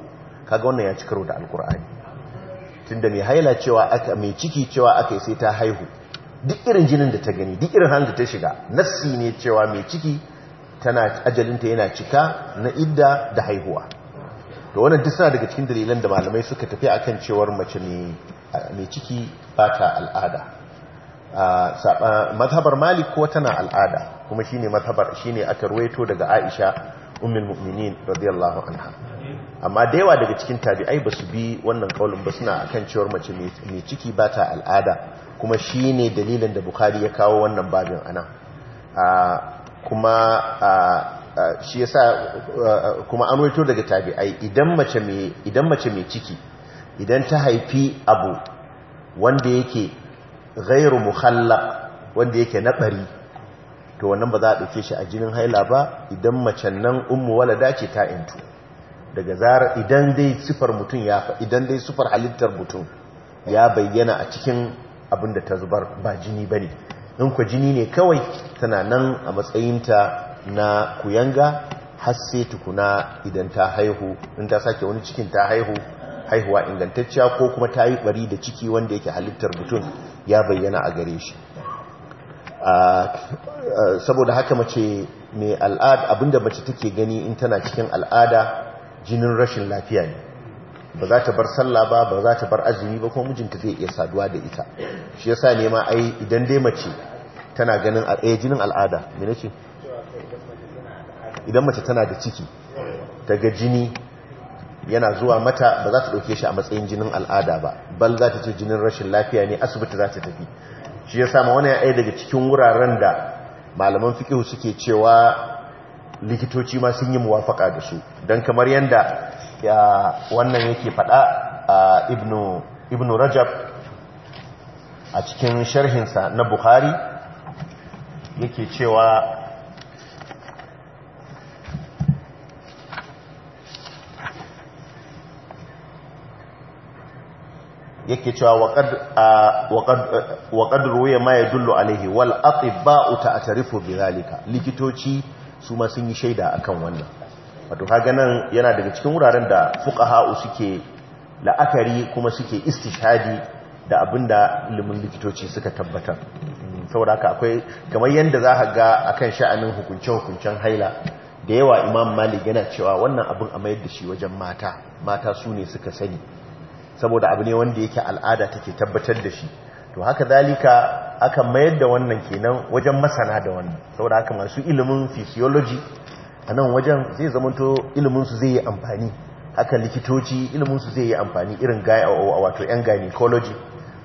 kaga wannan ya ci karo da alkur'ani tunda mai haila cewa aka mai ciki cewa aka sai ta haihu duk irin jinin da ta gani duk irin hannun da ta shiga nassi ne cewa mai ciki tana ajalinta yana cika na idda da haihuwa da wannan duk suna daga cikin dalilan da malamai suka tafi akan cewar mace mai ciki ba ta al'ada mazhabar malik ko tana al'ada kuma shine mazhabar shine aka ruwaito daga aisha ummul mu'minin radiyallahu anha amma da yawa daga cikin tabi'ai ba su bi wannan kaulin ba suna akan cewar mace mai ciki ba ta al'ada kuma shine dalilin da bukhari ya kawo wannan babin anan kuma shi yasa kuma an waito daga tabi'ai idan mace mai ciki idan ta haifi abu wanda yake ghairu mukhallaq wanda yake na bari to wannan ba za a ɗauke shi a jinin haila ba idan mace nan ummu walada ce ta intu daga zarar idan dai sifar mutum ya idan dai sifar halittar mutum ya bayyana a cikin abin da ta zubar ba jini bane in ku jini ne kawai tana nan a matsayinta na kuyanga har sai tukuna idan ta haihu in ta sake wani cikin ta haihu haihuwa ingantacciya ko kuma ta yi bari da ciki wanda yake halittar mutum ya bayyana a gare shi saboda haka mace mai al'ada abinda mace take gani in tana cikin al'ada jinin rashin lafiya ne ba za ta bar sallah ba ba za ta bar azumi ba kuma mijinta zai iya saduwa da ita shi yasa ne ma ai idan dai mace tana ganin a eh, jinin al'ada me nake idan mace tana da ciki daga jini yana zuwa mata ba za ta ɗauke shi a matsayin jinin al'ada ba bal za ta ce jinin rashin lafiya ne asibiti za ta tafi shi ya sama wani ɗaya daga cikin wuraren da malaman fikihu suke cewa likitoci ma sun yi muwafaka da su don kamar yadda wannan yake faɗa a ibnu rajab a cikin sharhinsa na buhari yake cewa yake cewa wa qad ma ma dullo alaihi wal ta atiba'u ta'tarifu bidhalika likitoci su ma sun yi shaida akan wannan wato haganan yana daga cikin wuraren da ha'u suke la'akari kuma suke istishadi da abinda ilimin likitoci suka tabbatar mm, saboda haka akwai kamar yanda za ka ga akan sha'anin hukunce-hukuncen haila da yawa imam malik yana cewa wannan abin a mayar da shi wajen mata mata su ne suka sani saboda abu ne wanda yake al'ada take tabbatar da shi to haka zalika akan mayar da wannan kenan wajen masana da wannan saboda haka masu ilimin physiology a nan wajen zai zamanto iliminsu zai yi amfani haka likitoci iliminsu zai yi amfani irin gaya wato yan gynecology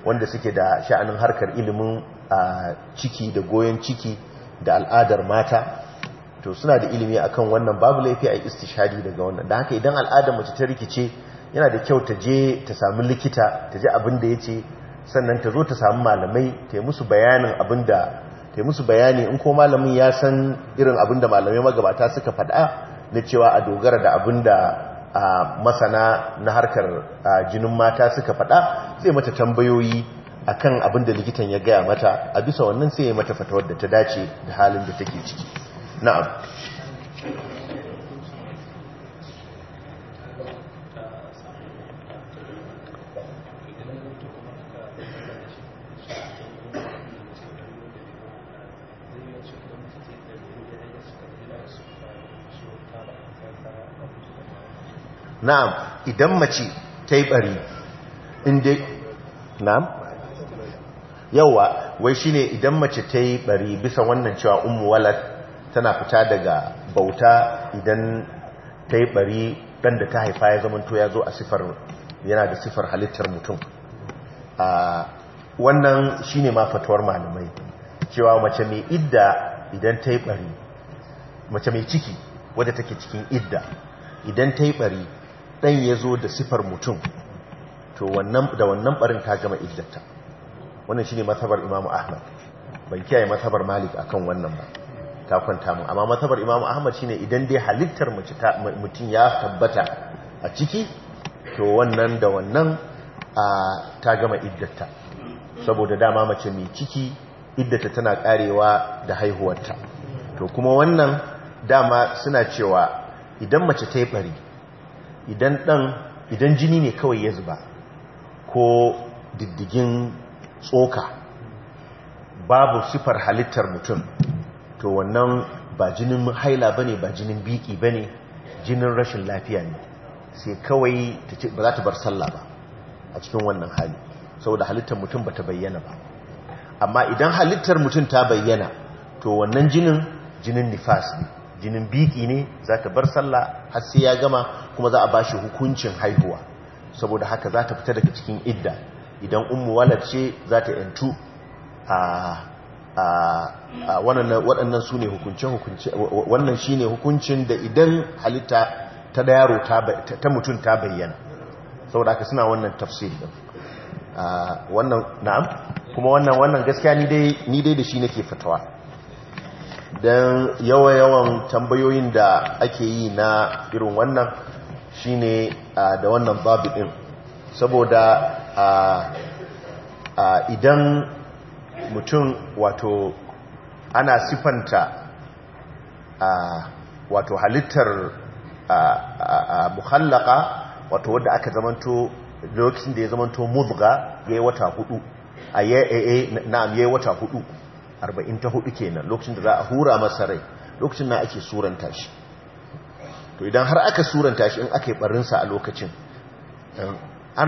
wanda suke da sha'anin harkar ilimin a ciki da goyon ciki da al'adar mata to suna da ilimi akan wannan babu laifi a istishadi daga wannan da haka idan al'adar mace ta rikice yana da kyau ta je ta sami likita ta je abin da ya ce sannan ta zo ta samu malamai ta yi musu bayanin abin da ta yi musu bayani in ko malamin ya san irin abin da malamai magabata suka faɗa na cewa a dogara da abin da masana na harkar jinin mata suka faɗa zai mata tambayoyi a kan abin da likitan ya gaya mata a bisa wannan sai ya mata fatawar da ta dace da halin da take ciki na'am na'am idan mace ta yi bari inda na'am wa wai shi ne idan mace ta yi bari bisa wannan cewa umu tana fita daga bauta idan ta yi bari dan da ta haifa ya zamanto ya zo a sifar yana da sifar halittar mutum a wannan shi ne mafatuwar malamai cewa mace mai idda idan ta yi bari mace mai ciki wadda take cikin idda idan ta yi bari ɗan ya zo da sifar mutum to da wannan ɓarin ta gama iddatta. wannan shi ne matsabar imamu ahmad ban kiyaye matsabar malik akan wannan ba ta kwanta mu amma matsabar imamu ahmad shine idan dai halittar mutum ya tabbata a ciki to wannan da wannan ta gama iddata saboda dama mace mai ciki iddata tana karewa da haihuwarta to kuma wannan dama suna cewa idan mace ta yi ɓari idan ɗan idan jini ne kawai ya zuba ko diddigin tsoka babu sifar halittar mutum to wannan ba jinin haila bane ba jinin biki bane jinin rashin lafiya ne sai kawai ba za ta bar sallah ba a cikin wannan hali saboda halittar mutum ba ta bayyana ba amma idan halittar mutum ta bayyana to wannan jinin jinin nifas ne jinin biki ne za ta bar sallah har sai ya gama kuma za a ba shi hukuncin haihuwa saboda haka za ta fita daga cikin idda idan umu walad ce za ta yantu a waɗannan su ne wannan shi ne hukuncin da idan halitta ta da yaro ta mutum ta bayyana saboda haka suna wannan tafsir wannan na'am kuma wannan wannan gaskiya ni dai da shi nake fatawa don yawa-yawan tambayoyin da ake yi na irin wannan Shi ne da wannan babu ɗin saboda idan mutum wato ana sifanta wato halittar muhallaka wato wadda aka zamanto lokacin da ya zamanto muzga yi wata hudu a yaya eh, eh, na'am amye wata hudu arba'in ta hudu kenan lokacin da za a hura masa rai lokacin na ake suranta shi to idan har aka suranta shi in aka yi barinsa a lokacin um, an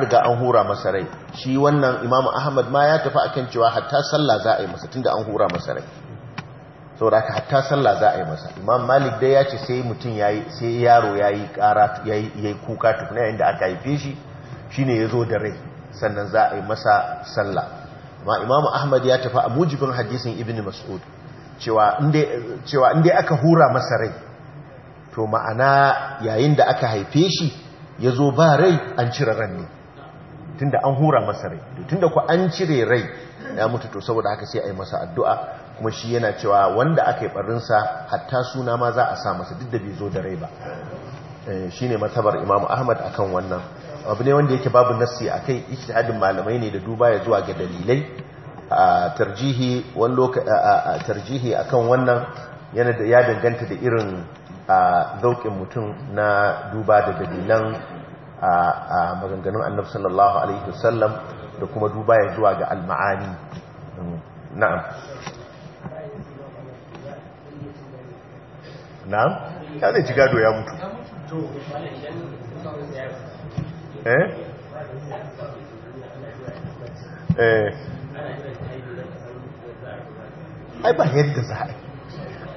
riga an hura masa rai shi wannan imamu ahmad ma ya tafi akan cewa hatta sallah za a yi masa tunda an hura masa rai saboda haka hatta sallah za a yi masa imam malik dai ya ce sai mutum sai yaro ya yi kara ya yi kuka tukuna yayin da aka haife shi shine ya zo da rai sannan za a yi masa sallah amma imamu ahmad ya tafi a mujibin hadisin ibn mas'ud cewa inda aka hura masa rai to ma'ana yayin da aka haife shi ya zo ba rai an cire ran ne Tun da an hura masa rai tun da ku an cire rai ya mutu to saboda haka sai a yi masa addu'a kuma shi yana cewa wanda aka yi barinsa hatta suna ma za a sa masa duk da bai zo da rai ba eh, shi ne matabar imamu ahmad akan wannan abu ne wanda yake babu nassi a kai hadin malamai ne da duba ya zuwa ga dalilai a tarjihi a kan wannan yana da ya danganta da irin a zaukin mutum na duba da dalilan a maganganun annab sallallahu alaihi wasallam da kuma duba ya zuwa ga alma'ani mm, na'am na'am ya zai ci gado ya mutu eh eh ai ba yadda za a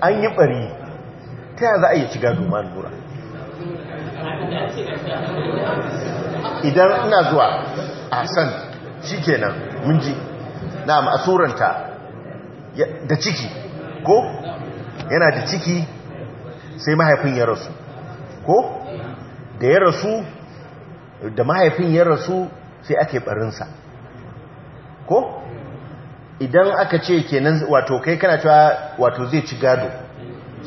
an yi bari ta za a yi ci gado ma lura idan ina zuwa a san shi kenan mun ji na ma'asuranta da ciki ko yana da ciki sai mahaifin ya rasu ko da ya rasu da mahaifin ya rasu sai ake barinsa ko idan aka ce kenan wato kai kana cewa wato zai ci gado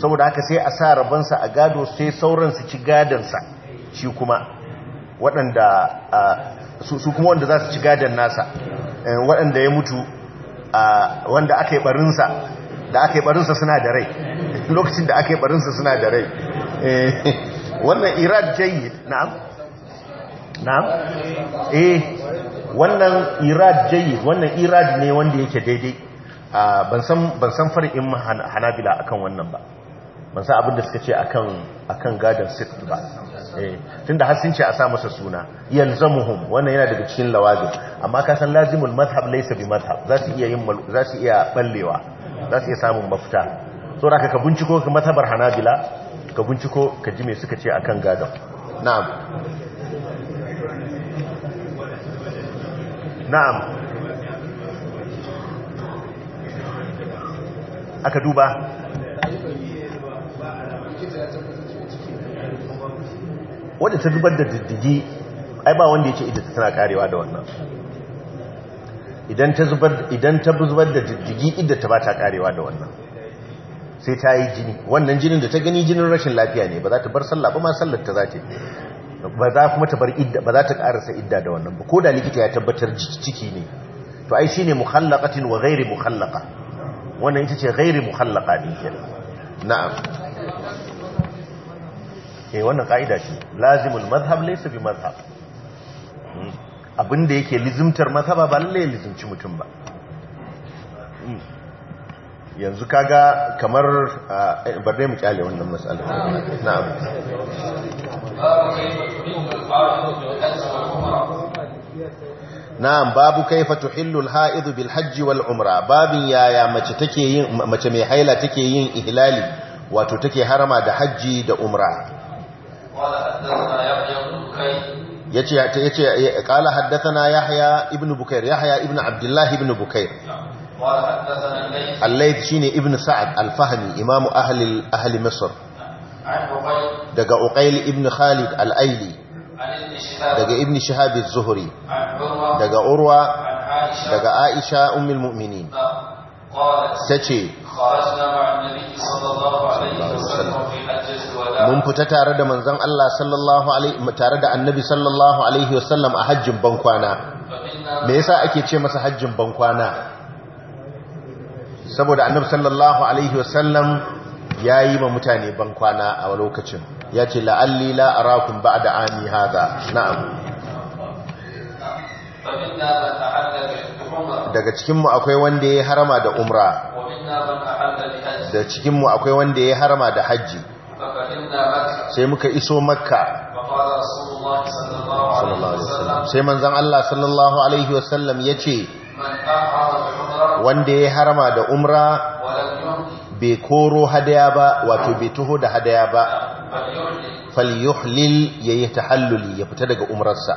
saboda haka sai a sa rabansa a gado sai sauran su ci gadansa shi kuma waɗanda su kuma wanda za su ci gadan nasa eh, waɗanda ya mutu wanda aka yi ɓarinsa da aka yi ɓarinsa suna da rai lokacin da aka yi ɓarinsa suna da rai eh, wannan irad jayyid na'am na'am eh wannan irad jayyid wannan irad ne wanda yake daidai ban san far'in hanabila akan wannan ba ban san abin da suka ce akan gadon sit ba eh, tun da sun ce a sa masa suna yalzamuhum wannan yana daga cikin lawazin amma ka san lazimul madhab laysa bi madhab za su iya yin za su iya ballewa za su iya samun mafita so da ka binciko ka mazhabar hanabila ka binciko ka ji me suka ce akan gadon na'am na'am aka duba wadda ta zubar da diddigi ai ba wanda ya ce ita tana karewa da wannan idan ta zubar da diddigi idda ta ba ta karewa da wannan sai ta yi jini wannan jinin da ta gani jinin rashin lafiya ne ba za ta bar sallah ba ma sallar ta zace ba za kuma ta bar idda ba za ta karasa idda da wannan ba ko da likita ya tabbatar ciki ne to ai shine mukhallaqatin wa ghairi mukhallaqa wannan ita ce ghairi mukhallaqa din kenan na'am eh wannan ka'ida ce lazimul mazhab laysa bi mazhab hmm. abinda yake lizimtar mazhaba ba lalle lizimci mutum ba hmm. yanzu kaga kamar eh, bar dai mu kyale wannan mas'alar na'am na'am babu kaifa tuhillu al-ha'idu bil hajji wal umra babin yaya mace take yin mace mai haila take yin ihlali wato take harama da hajji da umra yace yace qala haddathana yahya ibn bukair yahya ibn Abdullahi ibn bukair al shine ibn sa'ad al-fahmi imamu ahli ahli daga uqayl ibn khalid al-aili daga ibn shihab zuhri daga urwa daga aisha ummul mu'minin ta ce mun fita tare da manzan Allah sallallahu alaihi tare da annabi sallallahu alaihi wasallam a hajjin bankwana me yasa ake ce masa hajjin bankwana saboda annabi sallallahu alaihi wasallam yayi ma mutane bankwana a lokacin yace la'alli la arakum ba'da ami hada na'am daga cikinmu akwai wanda ya harama da umra da cikinmu akwai wanda ya harama da hajji sai muka iso makka sai manzan Allah sallallahu alaihi wasallam ya ce wanda ya harama da umra bai koro hadaya ba wato bai tuho da hadaya ba falyuhlil ya yi halluli ya fita daga umrarsa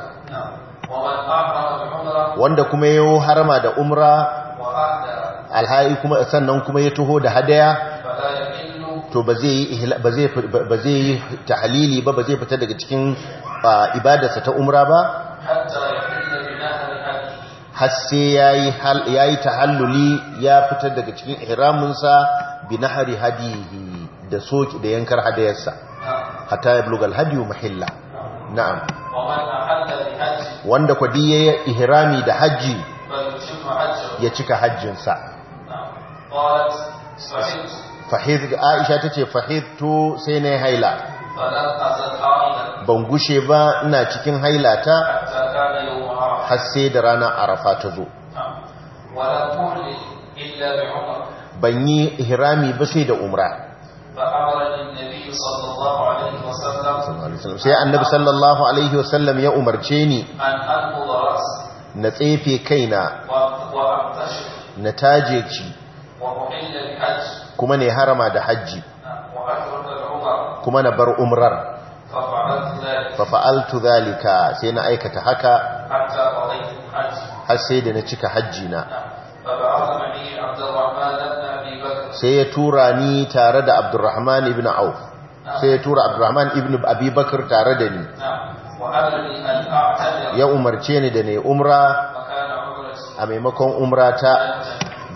wanda kuma ya yi harama da umra alha'i kuma sannan kuma ya taho da hadaya to ba zai yi ta'alili ba ba zai fita daga cikin ibadarsa ta umra ba hasse sai ya yi tahalluli ya fita daga cikin ihraminsa binahari, hadihi da soke da yankar hadayarsa hatta ya bulugal hadiyu mahilla na'am wanda kwadi ya yi ihrami da hajji ya cika hajjinsa fahid aisha ta ce fahid to sai na haila ban gushe ba ina cikin ta har sai da rana arafa ta zo ban yi ihrami ba sai da umra sai annabi sallallahu alaihi wasallam ya umarce ni na tsefe kaina na taje ci kuma ne harama da hajji kuma na bar umrar fafa'altu zalika sai na aikata haka har sai da na cika hajji na sai ya tura ni tare da abdurrahman ibn auf sai ya tura abdurrahman ibn abubakar tare da ni ya umarce ni da ne umra a maimakon umra ta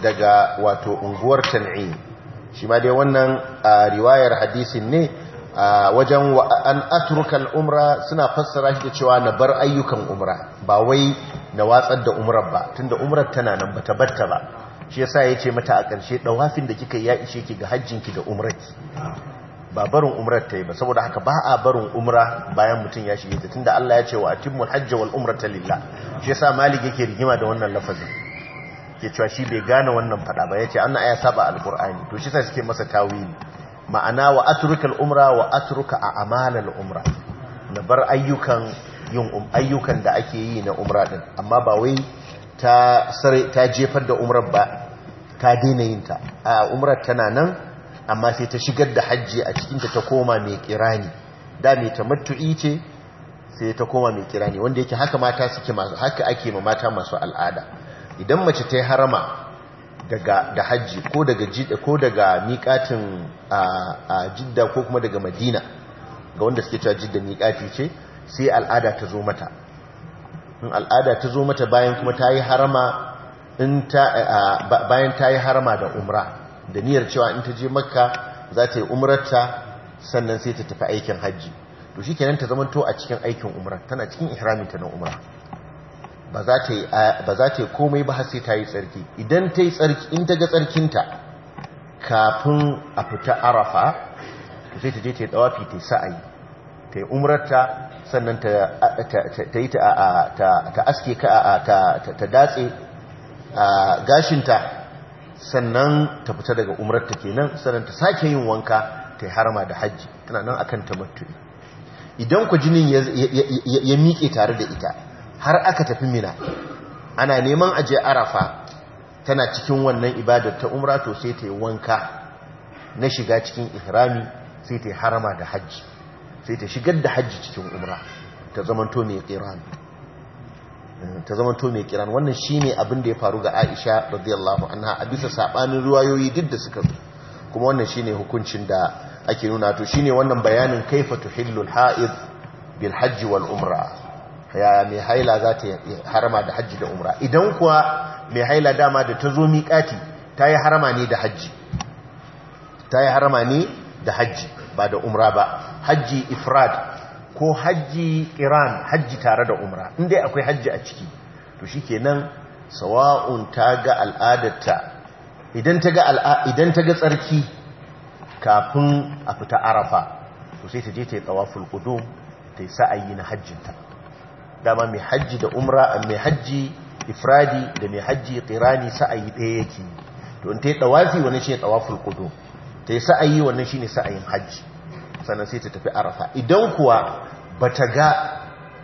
daga wato unguwar tan'i shi ma dai wannan a riwayar hadisin ne a wajen an aturkan umra suna fassara shi da cewa na bar ayyukan umra ba wai na watsar da umrar ba tunda umrar tana nan bata batta ba shi yasa ya ce mata a ƙarshe ɗawafin da kika ya ishe ki ga hajjinki da umrarki ba barin umrar ta yi ba saboda haka ba a barin umra bayan mutum ya shiga ta tunda Allah ya ce wa atimmul hajja wal ta shiyasa shi yasa malik yake rigima da wannan lafazin ke cewa shi bai gane wannan fada ba ya ce ana aya saba alkur'ani to shi yasa suke masa tawili ma'ana wa atrukal umra wa atruka amanar umra na bar ayyukan yin um, ayyukan da ake yi na umra din amma ba wai ta ta jefar da umrar ba ta daina yin ta a umrar tana nan amma sai ta shigar da hajji a cikinta ta koma mai kirani da mai tamattu'i ce sai ta koma mai kirani wanda yake haka mata suke masu haka ake ma mata masu al'ada idan mace ta yi harama daga da hajji ko daga jidda ko daga miƙatin a jidda ko kuma daga madina ga wanda suke cewa jidda miƙati ce sai al'ada ta zo mata in al'ada ta zo mata bayan kuma ta yi harama bayan ta yi harma da umra da niyyar cewa in ta je makka za ta yi umrarta sannan sai ta tafi aikin hajji to shi kenan ta zama to a cikin aikin umra tana cikin ta na umra ba za ta yi komai ba har sai ta yi tsarki idan ta yi tsarki in ta ga tsarkinta kafin a fita arafa sai ta je ta yi tsawafi ta yi sa'ayi ta yi umrarta sannan ta aske ta datse gashinta sannan ta fita daga take nan sannan ta sake yin wanka ta harama da hajji tana nan akan tamattu idan ku jinin ya miƙe tare da ita har aka tafi mina ana neman aje arafa tana cikin wannan ibadar ta umra to sai ta yi wanka na shiga cikin ihrami sai ta harama da hajji sai ta shigar da hajji cikin umra ta zamanto mai qirani ta zama to mai kiran wannan shine abin da ya faru ga Aisha radiyallahu anha a bisa sabanin ruwayoyi duk da suka zo kuma wannan shine hukuncin da ake nuna to shine wannan bayanin kaifa tuhillul ha'id bil hajj wal umra ya mai haila za ta harama da hajji da umra idan kuwa mai haila dama da ta zo miƙati ta yi harama ne da hajji ta yi harama ne da hajji ba da umra ba hajji ifrad ko hajji Iran, hajji tare da umra inda akwai hajji a ciki to shi nan, sawa'un ta ga al'adarta idan ta ga tsarki kafin a fita arafa to sai ta je ta yi tsawafin kudu ta yi sa'ayi na hajjinta dama mai hajji da umra mai hajji ifradi da mai hajji ƙirani sa'ayi ɗaya yake to in ta yi tsawafi wani shi ne tsawafin kudu ta yi sa'ayi wannan shi ne sa'ayin hajji sannan sai ta tafi arafa idan kuwa ba ta ga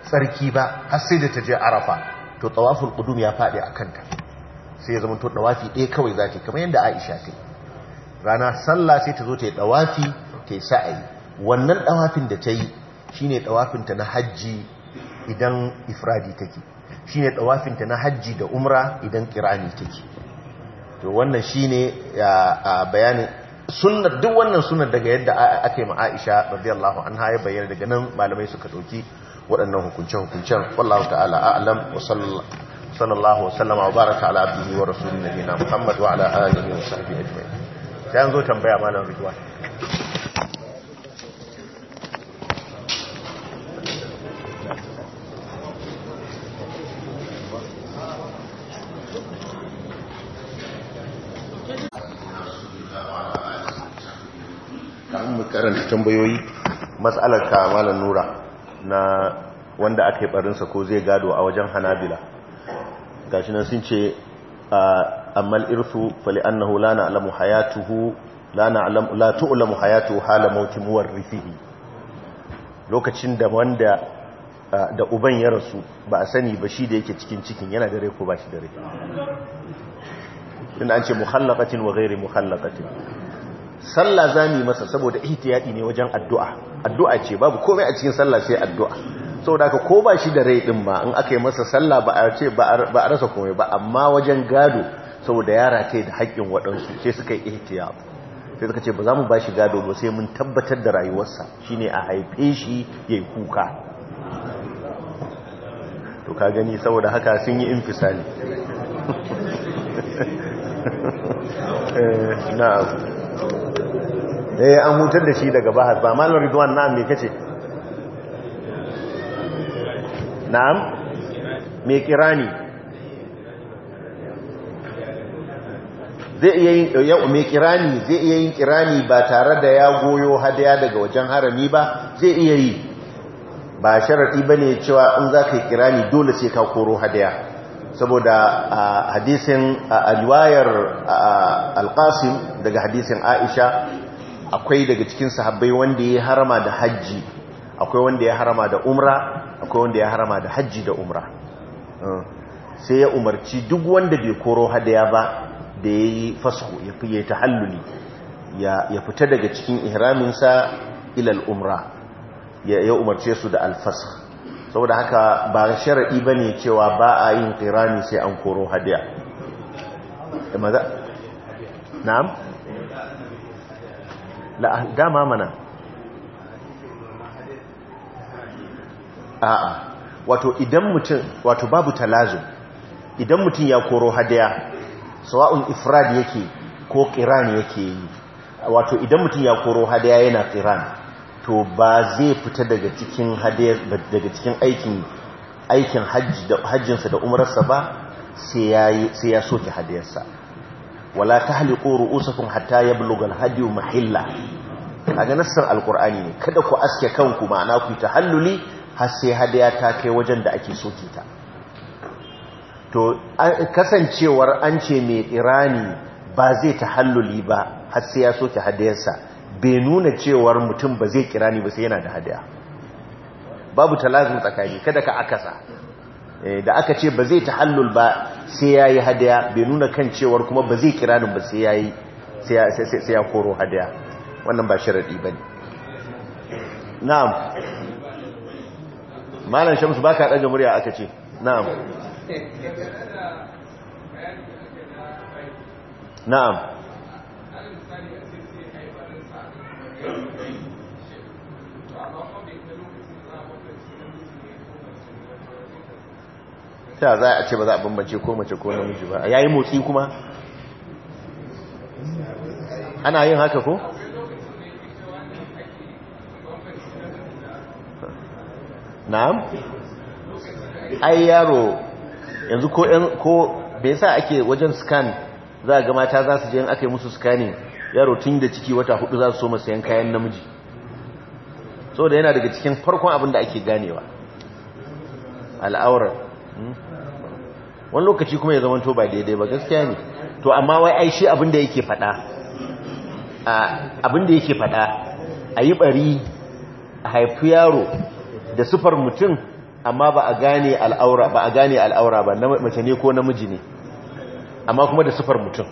tsarki ba har sai da ta je arafa to tsawaful kudum ya faɗi a kanta sai ya zama to ɗawafi ɗaya kawai za ta kamar yadda aisha ta rana sallah sai ta zo ta yi ɗawafi ta yi sa'ayi wannan ɗawafin da ta yi shi ne ɗawafinta na hajji idan ifradi take shi ne ɗawafinta na hajji da umra idan ƙirani take to wannan shi ne bayanin sunnar duk wannan sunnar daga yadda aka yi ma Aisha radiyallahu anha ya bayyana daga nan malamai suka dauki waɗannan hukunce-hukuncen wallahu ta'ala a'lam wa sallallahu wa sallama wa baraka ala abdihi wa rasulin nabiyina Muhammad wa ala alihi wa sahbihi ajma'in sai an zo tambaya malam Ridwan tambayoyi matsalar ka nura na wanda aka yi barinsa ko zai gado a wajen hanabila shi nan sun ce ammal irfu fali annahu la alamu hayatuhu la alamu la tu'lamu hayatuhu hala mauti muwarrithihi lokacin da wanda da uban ya rasu ba a sani ba shi da yake cikin cikin yana dare ko ba shi dare? rai an ce muhallaqatin wa ghairi muhallaqatin sallah yi masa saboda ihtiyadi ne wajen addu'a addu'a ce babu komai a cikin sallah sai addu'a saboda haka ko ba shi da rai ɗin ba in aka yi masa sallah ba a ce ba a rasa komai ba amma wajen gado saboda yara ce da haƙƙin waɗansu sai suka yi ihtiyab sai suka ce ba za mu ba shi gado ba sai mun tabbatar da rayuwarsa shine a haife shi ya yi kuka to ka gani saboda haka sun yi infisali eh, na'am eh an hutar da shi daga bahas ba malar ridwan na'am me kace na'am me kirani zai iya yin me kirani zai iya yin kirani ba tare da ya goyo hadaya daga wajen harami ba zai iya yi ba sharadi bane cewa in zaka yi kirani dole sai ka koro hadaya saboda hadisin a riwayar alqasim daga hadisin aisha akwai daga cikin sahabbai wanda ya harama da hajji akwai wanda ya harama da umra akwai wanda ya harama da hajji da umra hmm. sai ya umarci duk wanda bai koro hadaya ba da ya yi fasku ya fiye ta halluli ya fita daga cikin ihraminsa ilal umra ya umarce su da alfasar saboda haka ba sharaɗi ba ne cewa ba a yin ƙirani sai an koro hadiya eh, na'am dama mana a wato idan mutum wato babu talazo idan mutum ya koro hadiya sawa'un ifrad yake ko ƙirani yake yi wato idan mutum ya koro hadiya yana ƙirani to ba zai fita daga cikin daga cikin aikin aikin hajji da hajjinsa da umrarsa ba sai yayi sai ya soke hadiyarsa wala tahliqu ru'usakum hatta yablugha al hadi mahilla kaga nassar al-qur'ani ne kada ku aske kanku ma'ana ku tahalluli har sai hadiya ta kai wajen da ake soke ta to kasancewar an ce mai irani ba zai tahalluli ba har sai ya soke hadiyarsa bai nuna cewar mutum ba zai kira ni ba sai yana da hadaya babu talazin tsakani kada ka akasa eh, da aka ce ba zai tahallul ba sai yayi hadiya bai nuna kan cewar kuma ba zai kira ni ba sai yayi sai ya koro hadiya wannan ba sharadi bane na'am malam shamsu baka daga murya aka ce na'am na'am ta za a ce ba za a bambance ko mace ko namiji ba ya yi motsi kuma ana yin haka ko? na'am ai yaro yanzu ko bai sa ake wajen scan za a ga mata za su je aka yi musu scanning yaro tun da ciki wata hudu za su so yan kayan namiji so da yana daga cikin farkon abin da ake ganewa al'aurar hmm? wani lokaci kuma ya zamanto ba daidai ba gaskiya ne to amma wai aishi shi abin da yake fada abin da yake fada a yi bari a haifi yaro da sufar mutum amma ba a gane al'aura ba a gane al'aura ba mace ne ko namiji ne amma kuma da sufar mutum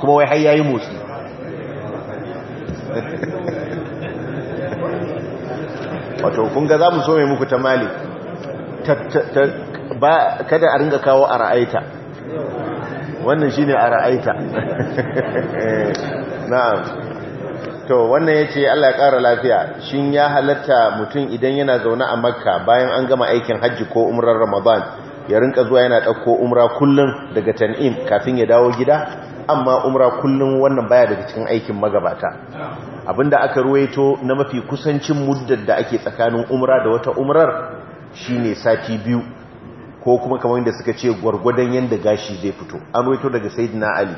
kuma wai har yayi motsi wato kun za mu so mai muku ta mali kada a ringa kawo a ra'aita wannan shi ne a ra'aita na'am to wannan ya ce Allah ya ƙara lafiya shi ya halatta mutum idan yana zaune a makka bayan an gama aikin hajji ko umrar ramadan ya rinka zuwa yana ɗauko umra kullum daga tan'im kafin ya dawo gida amma umra kullum wannan baya daga cikin aikin magabata abinda aka ruwaito na mafi kusancin muddar da ake tsakanin umra da wata umrar shine sati biyu ko kuma kamar yadda suka ce gwargwadon yadda gashi zai fito an ruwaito daga sayyidina ali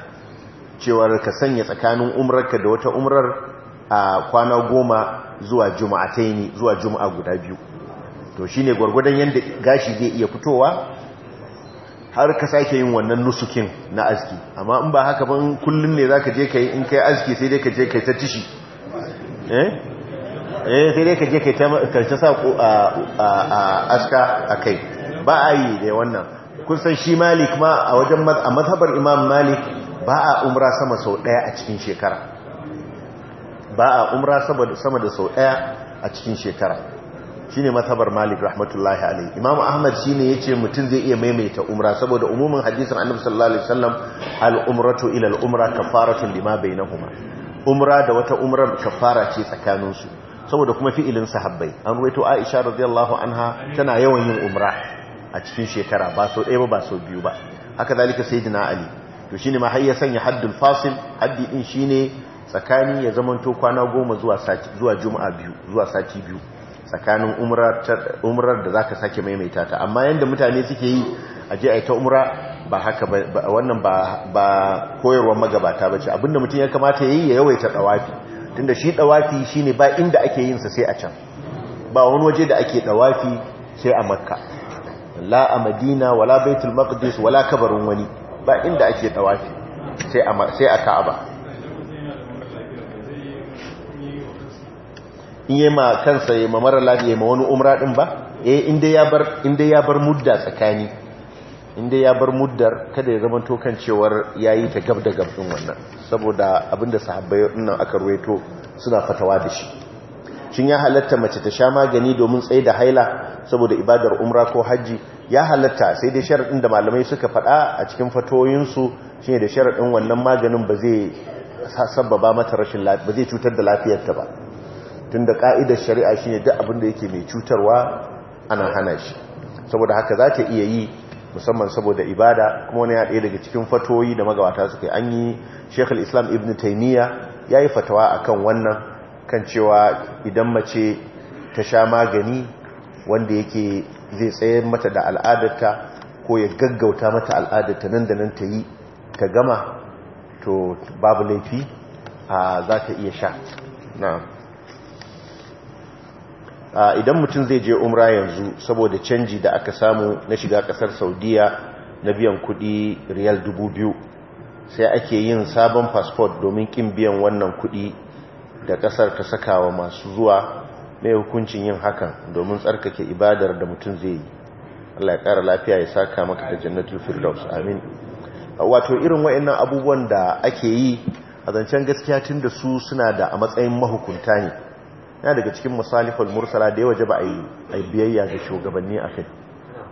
cewar ka sanya tsakanin umrarka da wata umrar a kwana goma zuwa Juma'a juma'ataini zuwa juma'a guda biyu to shine gwargwadon yadda gashi zai iya fitowa har ka sake yin wannan nusukin na aski amma in ba haka ban kullum ne za ka je ka yi in kai aski sai dai ka je ka ta tishi eh? eh sai dai ka je ka ta sa aska a kai ba a yi da wannan kun san shi malik ma a wajen mazhabar imam malik ba a umra sama sau daya a cikin shekara ba a umra sama da sau daya a cikin shekara shine matabar Malik rahmatullahi alaihi Imam Ahmad shi ne ya ce mutum zai iya maimaita umra saboda umumin hadisin Annabi sallallahu alaihi wasallam al'umratu ilal umra ka umra kafaratun lima bainahuma umra da wata umrar kafara ce tsakanin su saboda kuma fi'ilin sahabbai an ruwaito Aisha radiyallahu anha tana yawan yin umra a cikin shekara ba sau ɗaya ba ba biyu ba haka zalika sayyidina Ali to shine ma har ya sanya haddun fasil haddi din shine tsakani ya zamanto kwana goma zuwa juma'a biyu zuwa sati biyu tsakanin umrar da za ka sake maimaita ta amma yadda mutane suke yi a je a yi ta umra ba haka ba wannan ba koyarwar magabata ba ce abinda mutum ya kamata ya yi ya yawaita dawafi tunda shi dawafi ne ba inda ake yin sa sai a can ba wani waje da ake dawafi sai a makka la a madina wala baitul maqdis wala kabarin wani ba inda ake dawafi sai a ka'aba in yi ma kansa ya ma mara lafiya ma wani umra din ba e eh, inda ya bar mudda tsakani inda ya bar muddar kada ya zama tokan cewar yi ta gab da gab din wannan saboda abinda sahabbai nan aka ruwaito suna fatawa da shi shin ya halatta mace ta sha magani domin tsaye da haila saboda ibadar umra ko hajji, ya halatta sai dai sharadin da malamai suka faɗa a cikin fatoyinsu shi ne da sharadin wannan maganin ba zai sabbaba mata rashin lafiya ba zai cutar da lafiyarta ba tun da ƙa'idar shari'a shi ne duk abin da yake mai cutarwa ana hana shi saboda haka za ta iya yi musamman saboda ibada kuma wani ya ɗaya daga cikin fatoyi da magabata suka yi an yi shekul islam ibn taimiyya ya yi fatawa a kan wannan kan cewa idan mace ta sha magani wanda yake zai tsayar mata da al'adarta ko ya gaggauta mata al'adarta nan da nan ta yi ta gama to babu laifi a za ta iya sha na'am idan mutum zai je umra yanzu saboda canji da aka samu na shiga kasar saudiya na biyan kudi riyal dubu biyu sai ake yin sabon fasfot domin kin biyan wannan kudi da kasar ta sakawa masu zuwa mai hukuncin yin hakan domin tsarkake ibadar da mutum zai yi Allah ya kara lafiya ya saka maka da jannatul firdaus amin wato irin wayannan abubuwan da ake yi a zancen gaskiya tun da su suna da a matsayin mahukunta ne Yana daga cikin musalihul mursala da yawa jaba ba a yi biyayya ga shugabanni a kai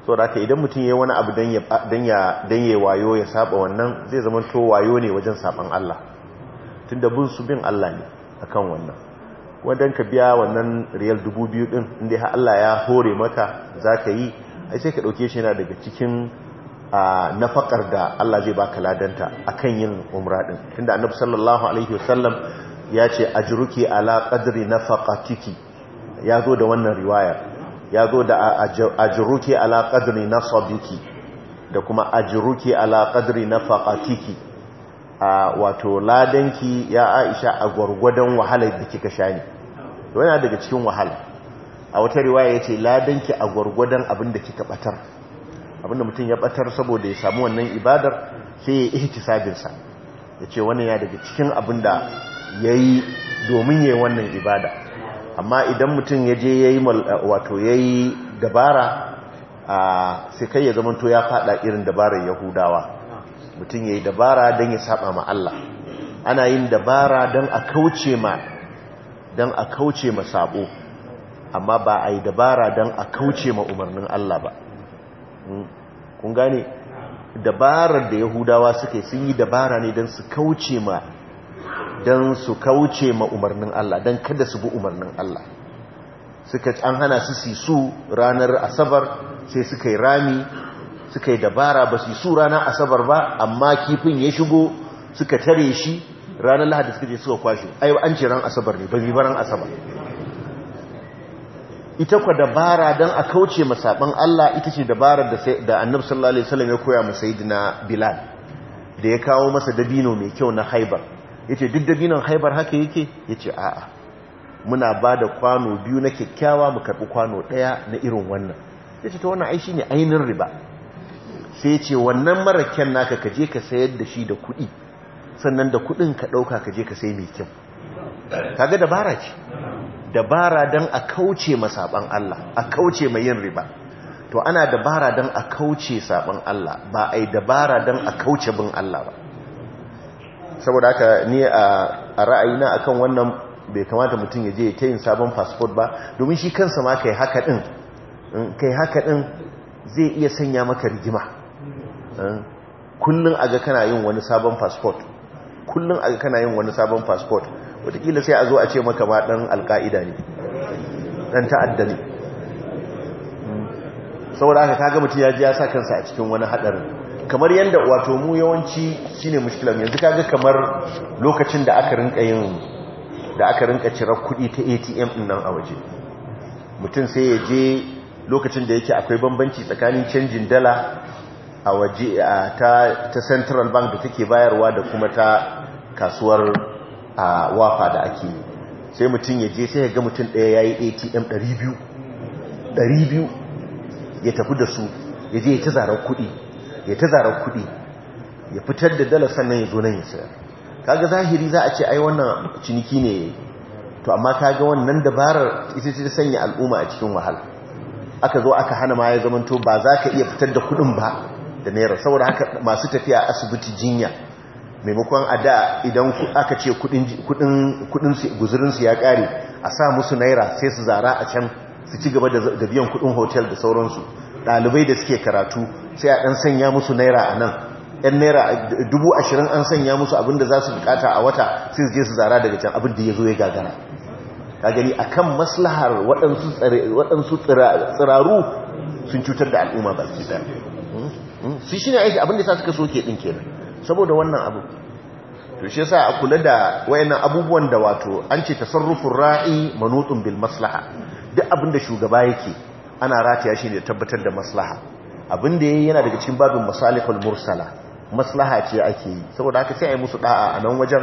so da idan mutum ya wani abu don ya wayo ya saba wannan zai zama to wayo ne wajen saban Allah tun da bin su bin Allah ne akan wannan wadon ka biya wannan riyal dubu biyu din inda ha Allah ya hore maka za ka yi ai sai ka ɗauke shi yana daga cikin nafakar da Allah zai baka ladanta akan yin umra din tunda annabi sallallahu alaihi wasallam ya ce jiruki ala na nafaqatiki ya zo da wannan riwaya ya zo da jiruki ala na nasabiki da kuma jiruki ala na nafaqatiki a wato ladanki ya Aisha a gwargwadon wahalar da kika sha ne yana daga cikin wahala a wata riwaya ya ce ladanki a gwargwadon abin da kika batar abinda mutum ya batar saboda ya samu wannan ibadar sai ya sabinsa ya ce wani ya daga cikin abin da ya yi domin ya yi wannan ibada amma idan mutum ya je ya yi wato ya yi dabara sai kai ya zamanto ya fada irin dabarar yahudawa mutum ya yi dabara don ya saba ma Allah ana yin dabara don a kauce ma don a kauce ma sabo amma ba a yi dabara don a kauce ma umarnin Allah ba hmm, kun gane dabarar da yahudawa suke sun yi dabara ne don su kauce ma don su kauce ma umarnin Allah don kada su bi umarnin Allah suka an hana su su ranar asabar sai suka yi rami suka yi dabara ba su su ranar asabar ba amma kifin ya shigo suka tare shi ranar lahadi suka je suka kwashe ai an ce ran asabar ne ba bi ran asabar ita kwa dabara don a kauce ma saɓan Allah ita ce dabarar da annab sallallahu Alaihi wasallam ya koya sayyidina Bilal da ya kawo masa dabino mai kyau na haibar yace duk dabinan haibar haka yake yace a'a muna ba da kwano biyu na kyakkyawa mu karɓi kwano ɗaya na irin wannan yace to wannan ai shine ainin riba sai yace wannan marakken naka kaje ka sayar da shi da kuɗi sannan da kuɗin ka dauka kaje ka sai mai kyau kaga dabara ce dabara dan a kauce ma masaban Allah a kauce mai yin riba to ana dabara don a kauce sabon Allah ba a yi dabara don a kauce bin Allah ba saboda haka ni a ra'ayina akan wannan bai kamata mutum ya je ya ta yin sabon passport ba domin shi kansa ma kai haka din kai haka din zai iya sanya maka rigima kullum aga kana yin wani sabon passport kullum aga kana yin wani sabon fasfot watakila sai a zo a ce maka ma dan alƙa'ida ne dan ta'adda ne hmm. saboda haka kaga mutum ya ji ya sa kansa a cikin wani hadarin kamar yadda wato mu yawanci shine mushkilar yanzu kaga kamar lokacin da aka rinka yin da aka rinka cirar kuɗi ta ATM din nan a waje mutum sai ya je lokacin da yake akwai bambanci tsakanin canjin dala a waje ta ta Central Bank da take bayarwa da kuma ta kasuwar wafa da ake sai mutum ya je sai ya ga mutum ɗaya yayi ATM 200 200 ya tafi da su ya je ya ta zarar kuɗi ya ta zara kuɗi ya fitar da dala sannan ya zo nan ya sayar kaga zahiri za a ce ai wannan ciniki ne to amma kaga wannan dabarar ita ce ta sanya al'umma a cikin wahala aka zo aka hana ma ya zamanto ba za ka iya fitar da kuɗin ba da naira saboda haka masu tafiya asibiti jinya maimakon a da idan aka ce kudin su ya kare a sa musu naira sai su zara a can su ci gaba da biyan kudin hotel da sauransu Dalibai da suke karatu sai a ɗan sanya musu naira a nan ‘yan naira dubu ashirin an sanya musu abinda za su bukata a wata sai su je su zara daga can abinda ya zo ya gagara ka gani a kan maslahar waɗansu tsiraru sun cutar da al'umma su da hmm? hmm? su shi ne aiki abinda sa suka soke ɗin kenan saboda wannan abu to shi yasa a kula da wayannan abubuwan da wato an ce tasarrufin ra'i manutun bil maslaha duk abinda shugaba yake ana rataya shi ne tabbatar da maslaha abin da yayi yana daga cikin babin masalihul mursala maslaha ce ake yi saboda haka sai a musu da'a a nan wajen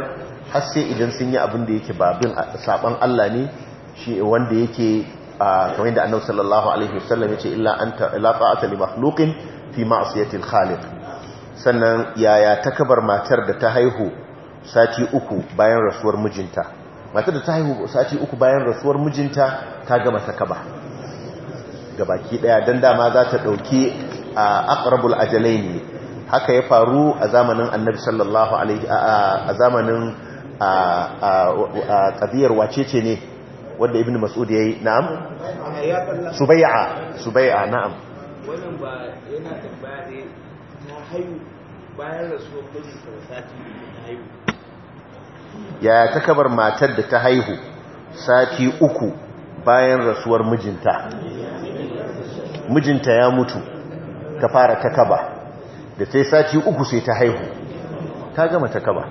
har sai idan sun yi abin da yake babin saban Allah ne shi wanda yake kamar yadda annabi sallallahu alaihi wasallam yace illa anta la ta'ata li makhluqin fi ma'siyati al-khaliq sannan yaya takabar matar da ta haihu sati uku bayan rasuwar mijinta matar da ta haihu sati uku bayan rasuwar mijinta ta gama sakaba. gabaki daya don dama za ta dauki ajalai ne haka ya faru a zamanin annabi sallallahu alaihi a zamanin qadiyar wacece ne wanda ibn mas'ud ya yi na'am subai'a subai'a na'am wannan ba yana tambaya ne ta bayan rasuwar mijinta da sati na haihu ya ta kabar matar da ta haihu sati uku bayan rasuwar mijinta mijinta ya mutu ta fara ta kaba da sai sati uku sai ta haihu ta gama ta kaba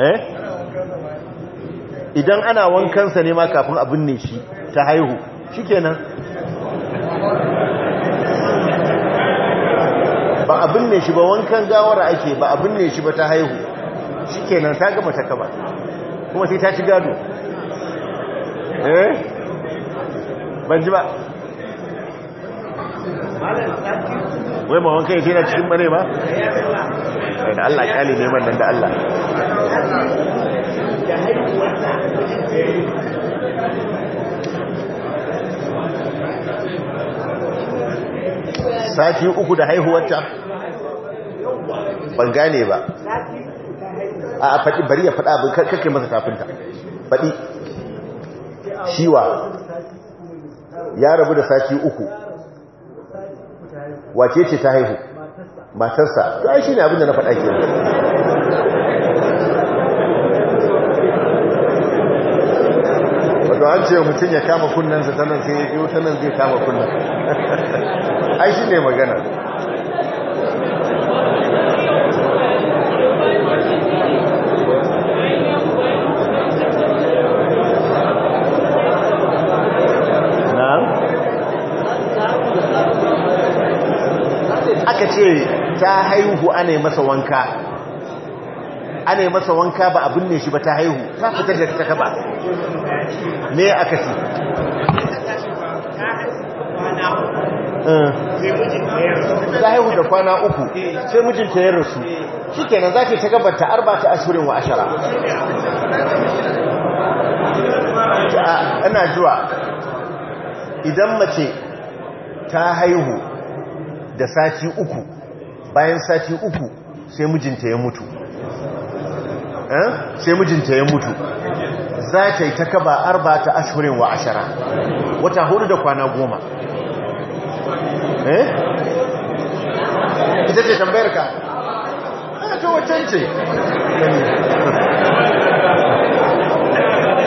eh idan ana wankansa ne ma kafin abin ne shi ta haihu shi kenan ba abin ne shi ba wankan gawar ake ba abin ne shi ba ta haihu shi kenan ta gama ta kaba kuma sai ta ci gado eh ban ji ba wai ma wanka yake na cikin mare ba sai da Allah kyale neman nan da Allah sati uku da haihuwarta ban gane ba a faɗi bari ya faɗa abin kake masa tafinta faɗi shiwa ya rabu da sati uku wace ce ta haihu matarsa to ai shine abin da na faɗa ke wato an ce mutum ya kama kunnansa ta nan sai ya biyo ta nan zai kama kunnan ai shine magana ce ta haihu ana masa wanka ana masa wanka ba abin ne shi ba ta haihu ta fitar da ta kaba me aka ce eh. ta haihu da kwana uku sai mijinta ya rasu shi nan za ta ta arba ta ashirin wa ashara ana zuwa idan mace ta haihu da sati uku bayan sati uku sai mijinta ya mutu eh? sai mijinta ya mutu za ta yi ta kaba arba ta ashirin wa ashara wata hudu da kwana goma eh ita ce tambayar ka eh, ta wacan ce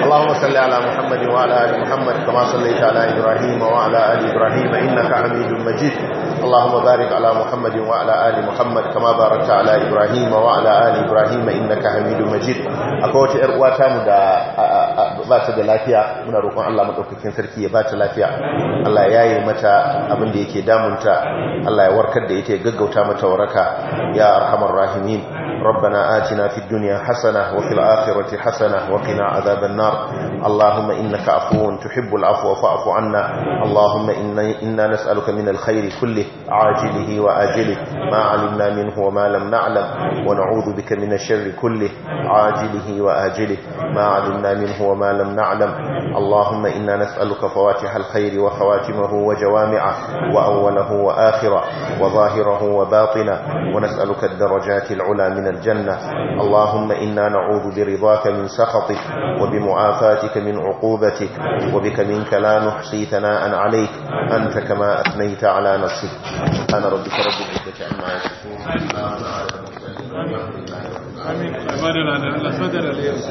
اللهم صل على محمد وعلى آل محمد كما صليت على إبراهيم وعلى آل إبراهيم إنك حميد مجيد اللهم بارك على محمد وعلى آل محمد كما باركت على إبراهيم وعلى آل إبراهيم إنك حميد مجيد أكوت إرواتا مدى بات دلافيا من روكم الله مدوككين سركي بات لافيا الله ياي متى أبن ديكي دامنتا الله يوركد ديكي ققوتا متى وركا يا أرحم الراحمين ربنا آتنا في الدنيا حسنة وفي الآخرة حسنة وقنا عذاب النار اللهم إنك عفو تحب العفو فاعف عنا اللهم إنا نسألك من الخير كله عاجله وآجله ما علمنا منه وما لم نعلم ونعوذ بك من الشر كله عاجله وآجله ما علمنا منه وما لم نعلم اللهم إنا نسألك فواتح الخير وخواتمه وجوامعه وأوله وآخره وظاهره وباطنه ونسألك الدرجات العلى من الجنة اللهم إنا نعوذ برضاك من سخطك وبمعافاتك بك من عقوبتك وبك منك لا نحصي ثناء عليك أنت كما أثنيت على نفسك أنا ربك رب العزة عما يصفون آمين